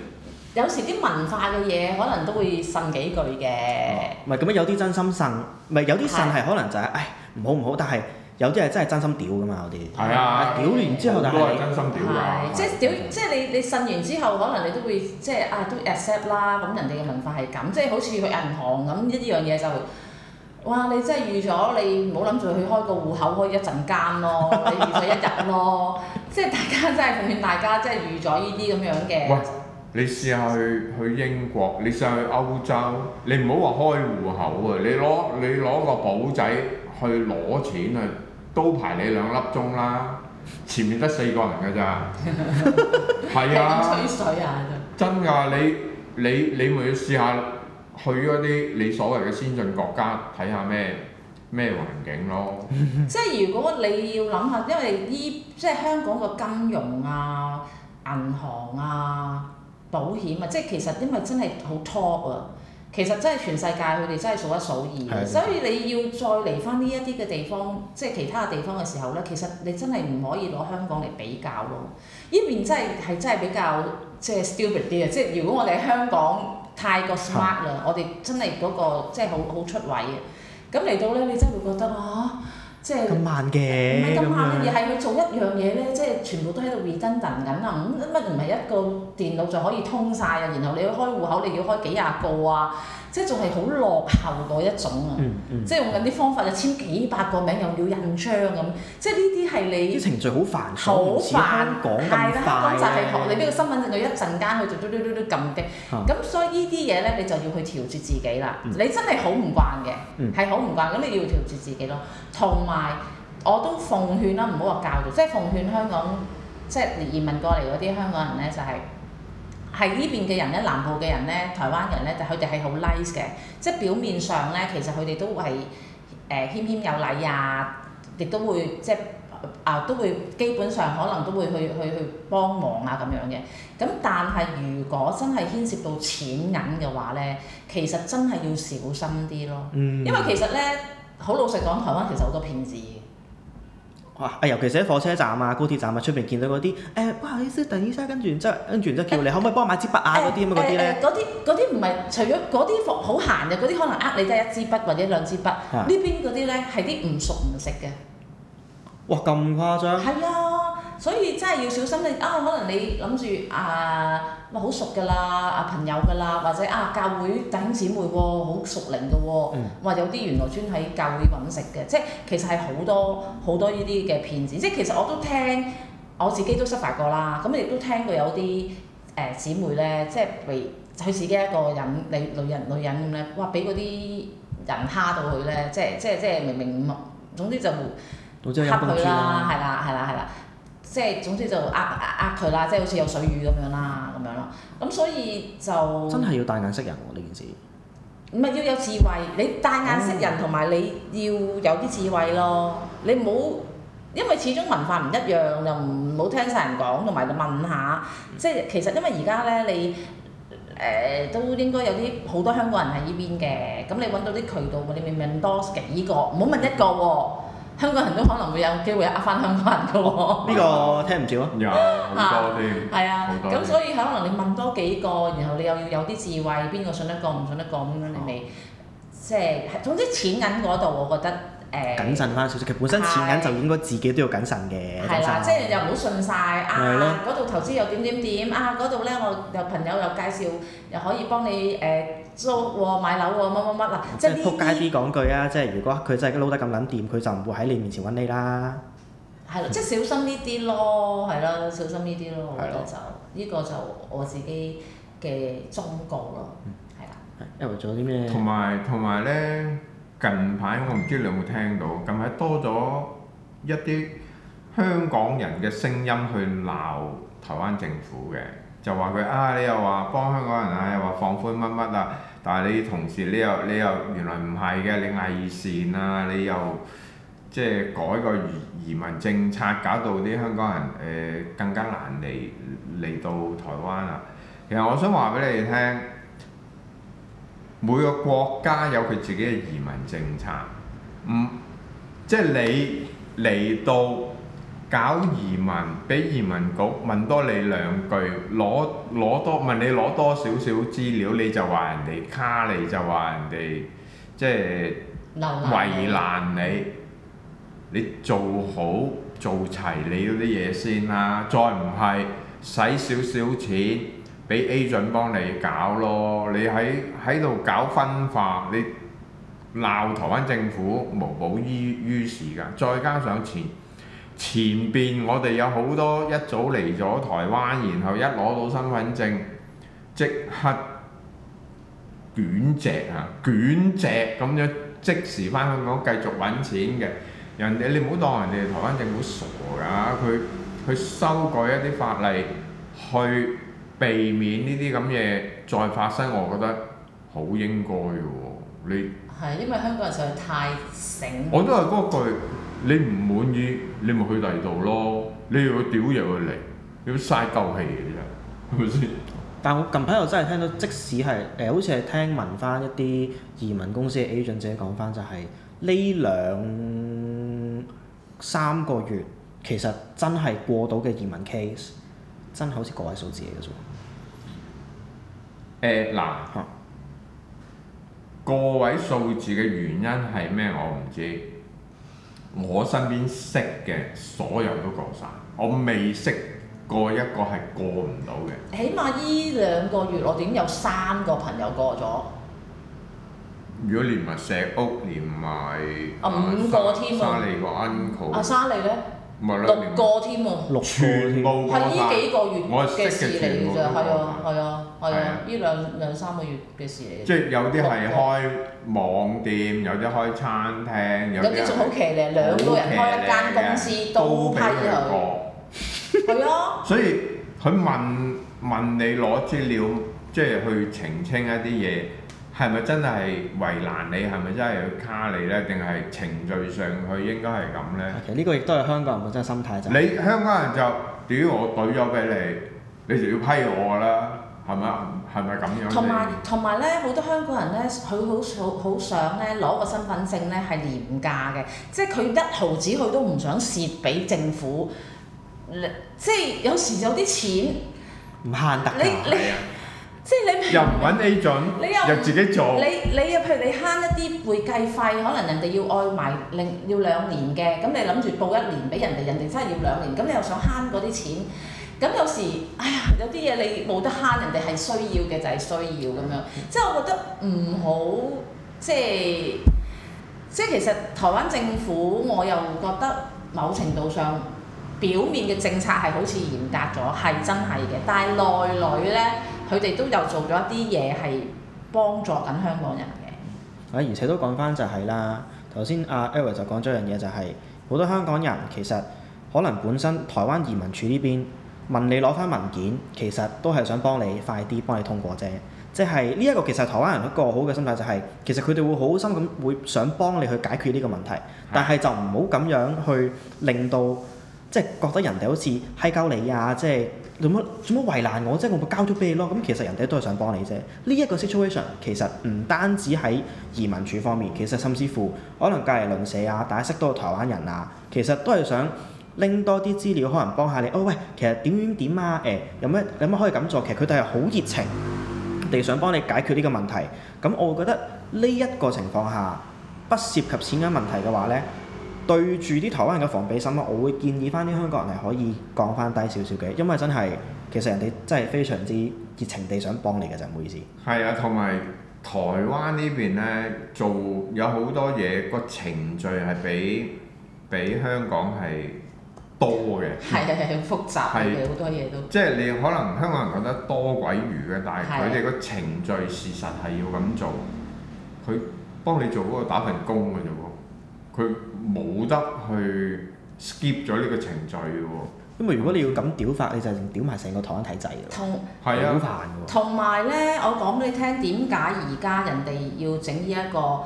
S2: 有時啲文化嘅嘢可能都會呻幾句嘅。
S3: 唔係咁樣，有啲
S1: 真心呻，唔係有啲呻係可能就係、是、的唉唔好唔好，但係。有啲係真係真心屌噶嘛？有啲係啊，屌完之後但，但係係真心屌嘅。即
S2: 係屌，即係你你呻完之後，可能你都會即係啊都 accept 啦。咁、嗯、人哋嘅文化係咁，即係好似去銀行咁一啲樣嘢就會哇！你真係預咗你唔好諗住去開個戶口開一陣間咯，你預咗一日咯。 即係大家真係奉勸大家，即係預咗呢啲咁樣嘅。喂，
S3: 你試下去去英國，你試下去歐洲，你唔好話開戶口啊！你攞你攞個簿仔去攞錢啊！都排你兩粒鐘啦，前面得四個人㗎咋？係 啊， 真㗎，你你你咪要試下去嗰啲你所謂嘅先進國家睇下咩咩環境咯。
S2: 即係如果你要諗下，因為呢，即係香港嘅金融啊、銀行啊、保險啊，即係其實因為真係好 top 啊！其實真係全世界佢哋真係數一數二的，所以你要再嚟翻呢一啲嘅地方，即係其他嘅地方嘅時候咧，其實你真係唔可以攞香港嚟比較咯。呢邊真係係真係比較即係 stupid 啲嘅，即係如果我哋喺香港太過 smart 啦，的我哋真係嗰、嗰個即係好好出位嘅。咁嚟到咧，你真係會覺得啊～即係咁
S1: 慢嘅，唔係咁慢嘅，而係
S2: 佢做一樣嘢咧，即係全部都喺度 redundant 緊啊！咁乜唔係一個電腦就可以通晒啊？然後你要開戶口，你要開幾廿個啊？即係仲係好落後嗰一種啊！嗯嗯、即係用緊啲方法，就簽幾百個名，又要印章咁。即係呢啲係你程
S1: 序好煩，好繁煩，講咁係啦，香港就係、是、學你呢個
S2: 身份證，佢一陣間去就嘟嘟嘟嘟撳機。咁、啊、所以呢啲嘢咧，你就要去調節自己啦。嗯、你真係好唔慣嘅，係好唔慣。咁你要調節自己咯。同埋我都奉勸啦，唔好話教咗，即係奉勸香港即係移民過嚟嗰啲香港人咧，就係、是。係呢邊嘅人咧，南部嘅人咧，台灣人咧，就佢哋係好 nice 嘅，即係表面上咧，其實佢哋都係誒、呃、謙謙有禮啊，亦都會即係啊、呃、都會基本上可能都會去去去幫忙啊咁樣嘅。咁但係如果真係牽涉到錢銀嘅話咧，其實真係要小心啲咯，嗯、因為其實咧好老實講，台灣其實好多騙子嘅。
S1: 啊，尤其是喺火車站啊、高鐵站啊，出邊見到嗰啲、哎、不好意思鄧醫生跟住然之後，跟住然之後叫你、欸、可唔可以幫我買支筆啊？嗰啲咁嗰啲咧，
S2: 啲啲唔係，除咗嗰啲服好閒嘅，嗰啲可能呃你得一支筆或者兩支筆。啊、邊呢邊嗰啲咧係啲唔熟唔識嘅。
S1: 哇！咁誇張？係啊。
S2: 所以真係要小心你啊！可能你諗住啊，好、嗯、熟㗎啦，啊朋友㗎啦，或者啊教會弟兄姊妹喎、哦，好熟人㗎喎，話、嗯、有啲原來專喺教會揾食嘅，即係其實係好多好多呢啲嘅騙子。即係其實我都聽，我自己都失敗過啦。咁亦都聽過有啲誒姊妹咧，即係譬如佢自己一個人，你女人女人咁咧，哇俾嗰啲人蝦到佢咧，即係即係即係明明總之就蝦佢啦，係啦係啦係啦。即係總之就呃呃佢啦，即係好似有水魚咁樣啦，咁樣咯。咁所以就真係
S1: 要帶眼識人喎、啊，呢件事。
S2: 唔係要有智慧，你帶眼識人同埋、嗯、你要有啲智慧咯。你唔好，因為始終文化唔一樣，又唔好聽曬人講，同埋你問下。即係其實因為而家咧，你誒、呃、都應該有啲好多香港人喺呢邊嘅。咁你揾到啲渠道，你咪問多幾個，唔好問一個喎。香港人都可能會有機會呃翻香港人噶
S1: 喎、哦哦，呢、哦、個聽唔少啊，有、yeah，多啲，係啊，咁、啊、所以
S2: 可能你問多幾個，然後你又要有啲智慧，邊個信得過唔信得過咁樣你咪，哦、即係總之錢銀嗰度，我覺得誒、呃、謹
S1: 慎翻少少，其實本身錢銀就應該自己都要謹慎嘅，係啦，即係
S2: 又唔好信晒。啊嗰度、啊、投資又點點點啊嗰度咧，我有朋友又介紹又可以幫你誒。啊租喎，買樓喎，乜乜乜嗱，即係撲街
S1: 啲講句啊！即係如果佢真係撈得咁撚掂，佢就唔會喺你面前揾你啦。
S2: 係咯，即係小心呢啲咯，係咯，小心呢啲咯，我覺得就呢是的 個就我自己嘅忠告咯。嗯的。係啦。
S3: 係，因為仲有做啲咩？同埋同埋呢，近排我唔知你有冇聽到，近排多咗一啲香港人嘅聲音去鬧台灣政府嘅，就話佢啊，你又話幫香港人、嗯、啊，又話放寬乜乜啊。但係你同時你又你又原來唔係嘅，你偽善啊！你又即係改個移民政策，搞到啲香港人誒、呃、更加難嚟嚟到台灣啊！其實我想話俾你哋聽，每個國家有佢自己嘅移民政策，唔、嗯、即係你嚟到。搞移民，俾移民局問多你兩句，攞攞多問你攞多少少資料，你就話人哋卡你就，就話人哋即係為難你。你做好做齊你嗰啲嘢先啦，再唔係使少少錢，俾 agent 幫你搞咯。你喺喺度搞分化，你鬧台灣政府無補於於事噶，再加上前。前邊我哋有好多一早嚟咗台灣，然後一攞到身份證，即刻捲席啊，捲席咁樣即時返香港繼續揾錢嘅。人哋你唔好當人哋台灣政府傻㗎，佢去修改一啲法例去避免呢啲咁嘢再發生，我覺得好應該喎、哦。你
S2: 係因為香港人實在太醒。我都係
S3: 嗰句。你唔滿意，你咪去第二度咯。你又要屌又要嚟，你都嘥鳩氣嘅啫，係咪先？但
S1: 係我近排又真係聽到，即使係誒，好似係聽聞翻一啲移民公司嘅 agent 自己講翻、就係，就係呢兩三個月其實真係過到嘅移民 case，真係好似個位數字嚟嘅
S3: 啫。誒嗱嚇，個哈位數字嘅原因係咩？我唔知。我身邊識嘅所有人都過晒，我未識過一個係過唔到嘅。
S2: 起碼依兩個月，果我點有三個朋友過咗？
S3: 如果連埋石屋，連埋啊,啊
S2: 五個添喎，
S3: 沙利個 uncle 啊，沙利咧、啊。啊讀
S2: 過添喎，
S3: 六、年全部係呢幾個月嘅事嚟嘅啫，係啊，係啊，係啊，
S2: 呢兩兩三個月嘅事嚟嘅。即係有啲係開
S3: 網店，有啲開餐廳，有啲仲好騎呢，兩個人開一間公司都批佢過，係啊。 所以佢問問你攞資料，即係去澄清一啲嘢。係咪真係為難你？係咪真係要卡你呢？定係程序上佢應該係咁呢？呢、okay，個亦都係香港人嘅真心態啫。你香港人就屌我賬咗俾你，你就要批我㗎啦，係咪啊？係咪咁樣？同埋
S2: 同埋呢，好多香港人呢，佢好想好想呢攞個身份證呢，係廉價嘅，即係佢一毫子佢都唔想蝕俾政府。即係有時有啲錢
S1: 唔慳、嗯、得㗎。你
S2: 即係你，你又唔揾
S3: agent 你又自己做。你
S2: 你譬如你慳一啲會計費，可能人哋要愛埋另要兩年嘅，咁你諗住報一年俾人哋，人哋真係要兩年，咁你又想慳嗰啲錢，咁有時哎呀，有啲嘢你冇得慳，人哋係需要嘅就係、是、需要咁樣。即係我覺得唔好，即係即係其實台灣政府，我又覺得某程度上表面嘅政策係好似嚴格咗，係真係嘅，但係內裏咧。佢哋都有做咗一啲嘢係幫助緊香港人
S1: 嘅。啊，而且都講翻就係啦頭先阿 Eli 就講咗樣嘢就係、是、好多香港人其實可能本身台灣移民署呢邊問你攞翻文件，其實都係想幫你快啲幫你通過啫。即係呢一個其實台灣人一個好嘅心態、就是，就係其實佢哋會好心咁會想幫你去解決呢個問題，的但係就唔好咁樣去令到即係、就是、覺得人哋好似蝦鳩你啊，即、就、係、是。做乜做乜為難我啫？我咪交咗俾你咯。咁其實人哋都係想幫你啫。呢一個 situation 其實唔單止喺移民署方面，其實甚至乎可能隔離鄰舍啊，大家識多個台灣人啊，其實都係想拎多啲資料，可能幫下你。哦喂，其實點點點啊？誒，有咩有咩可以咁做？其實佢哋係好熱情地想幫你解決呢個問題。咁我覺得呢一個情況下不涉及錢嘅問題嘅話呢。對住啲台灣人嘅防備心咧，我會建議翻啲香港人係可以降翻低少少嘅，因為真係其實人哋真係非常之熱情地想幫你嘅，就唔好意思。
S3: 係啊，同埋台灣呢邊呢，做有好多嘢個程序係比比香港係多嘅。係啊
S2: 係，複雜好的多嘢都。
S3: 即係你可能香港人覺得多鬼餘嘅，但係佢哋個程序事實係要咁做，佢幫你做嗰個打份工㗎啫喎。佢冇得去 skip 咗呢個程
S1: 序喎、哦。因為如果你要咁屌法，你就係屌埋成個台灣體制同、係、好煩嘅喎。
S2: 同埋咧，我講俾你聽點解而家人哋要整呢一個，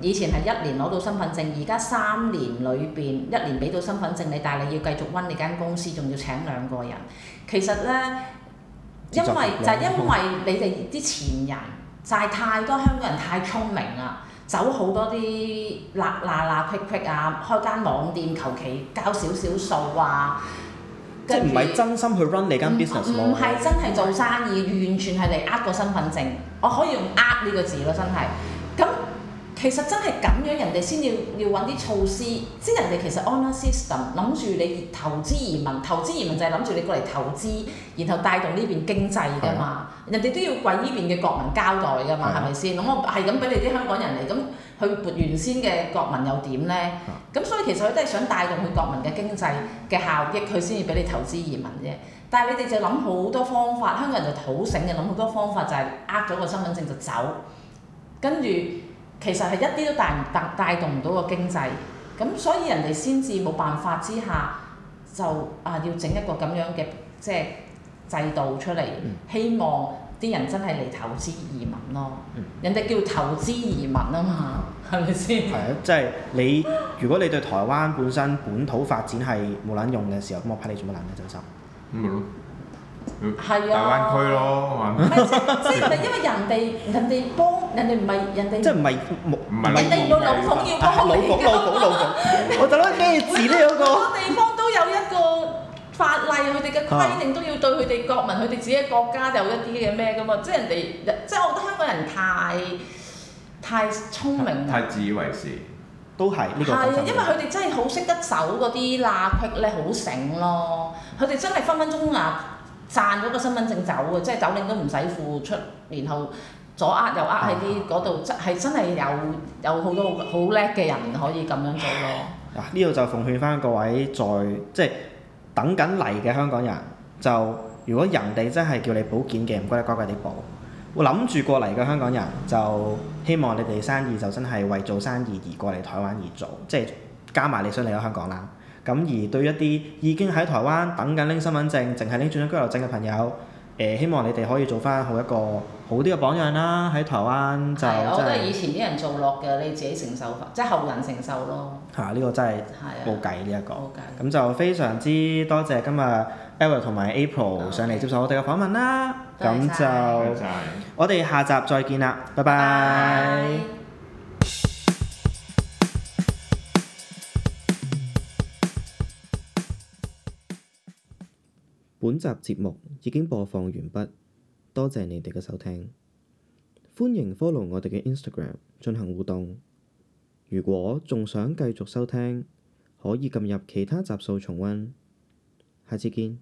S2: 以前係一年攞到身份證，而家三年裏邊一年俾到身份證，你但係你要繼續温你間公司，仲要請兩個人。其實咧，因為就係因為你哋啲前人就係、是、太多香港人太聰明啦。走好多啲垃垃垃闢闢啊！開間網店求其交少少數啊，即係唔係真
S1: 心去 run 你間 business 冇、嗯？唔係上
S2: 真係做生意，完全係嚟呃個身份證，我可以用呃呢個字咯，真係。其實真係咁樣，人哋先要要啲措施，即係人哋其實 on the system 諗住你投資移民，投資移民就係諗住你過嚟投資，然後帶動呢邊經濟噶嘛，的人哋都要鬼呢邊嘅國民交代噶嘛，係咪先？咁我係咁俾你啲香港人嚟，咁去撥原先嘅國民又點呢？咁的所以其實佢都係想帶動佢國民嘅經濟嘅效益，佢先要俾你投資移民啫。但係你哋就諗好多方法，香港人就好醒嘅，諗好多方法就係呃咗個身份證就走，跟住。其實係一啲都帶唔帶帶動唔到個經濟，咁所以人哋先至冇辦法之下，就啊要整一個咁樣嘅即係制度出嚟，希望啲人真係嚟投資移民咯。嗯、人哋叫投資移民啊嘛，係咪先？係啊
S1: 吧，即係、就是、你如果你對台灣本身本土發展係冇撚用嘅時候，咁我批你做乜撚嘢真心？嗯。
S3: 嗯係啊，大
S2: 灣區
S1: 咯，
S3: 係咪先？
S2: 即係因為人哋人哋幫人哋，唔係人哋即係唔係冇唔係老闆。我老闆要幫老闆，我老闆老闆老闆，我得咩字咧嗰個？好多地方都有一個法例，佢哋嘅規定都要對佢哋國民，佢哋自己國家有一啲嘅咩㗎嘛？即係人哋，即係我覺得香港人太太聰明，太
S1: 自以為是，都係呢個。係啊，因為佢哋
S2: 真係好識得守嗰啲罅隙咧，好醒咯。佢哋真係分分鐘啊！賺咗個身份證走嘅，即係走領都唔使付出，然後左呃又呃喺啲嗰度，啊、真係真係有有好多好叻嘅人可以咁樣做咯。嗱、
S1: 啊，呢度就奉勸翻各位在即係等緊嚟嘅香港人，就如果人哋真係叫你保件嘅，唔該你乖乖哋保。我諗住過嚟嘅香港人，就希望你哋生意就真係為做生意而過嚟台灣而做，即係加埋你想嚟咗香港啦。咁而對於一啲已經喺台灣等緊拎身份證，淨係拎住張居留證嘅朋友，誒、呃，希望你哋可以做翻好一個好啲嘅榜樣啦！喺台灣對就係我覺得以
S2: 前啲人做落嘅，你自己承受翻，即係後人承受
S1: 咯。係呢、啊呢個真係冇計呢一個。冇計。咁 okay. 就非常之多謝今日 Edward 同埋 April 上嚟接受我哋嘅訪問啦。多謝。Okay. 就，我哋下集再見啦，拜拜。本集節目已經播放完畢，多謝你哋嘅收聽，歡迎 follow 我哋嘅 Instagram 進行互動。如果仲想繼續收聽，可以撳入其他集數重溫。下次見。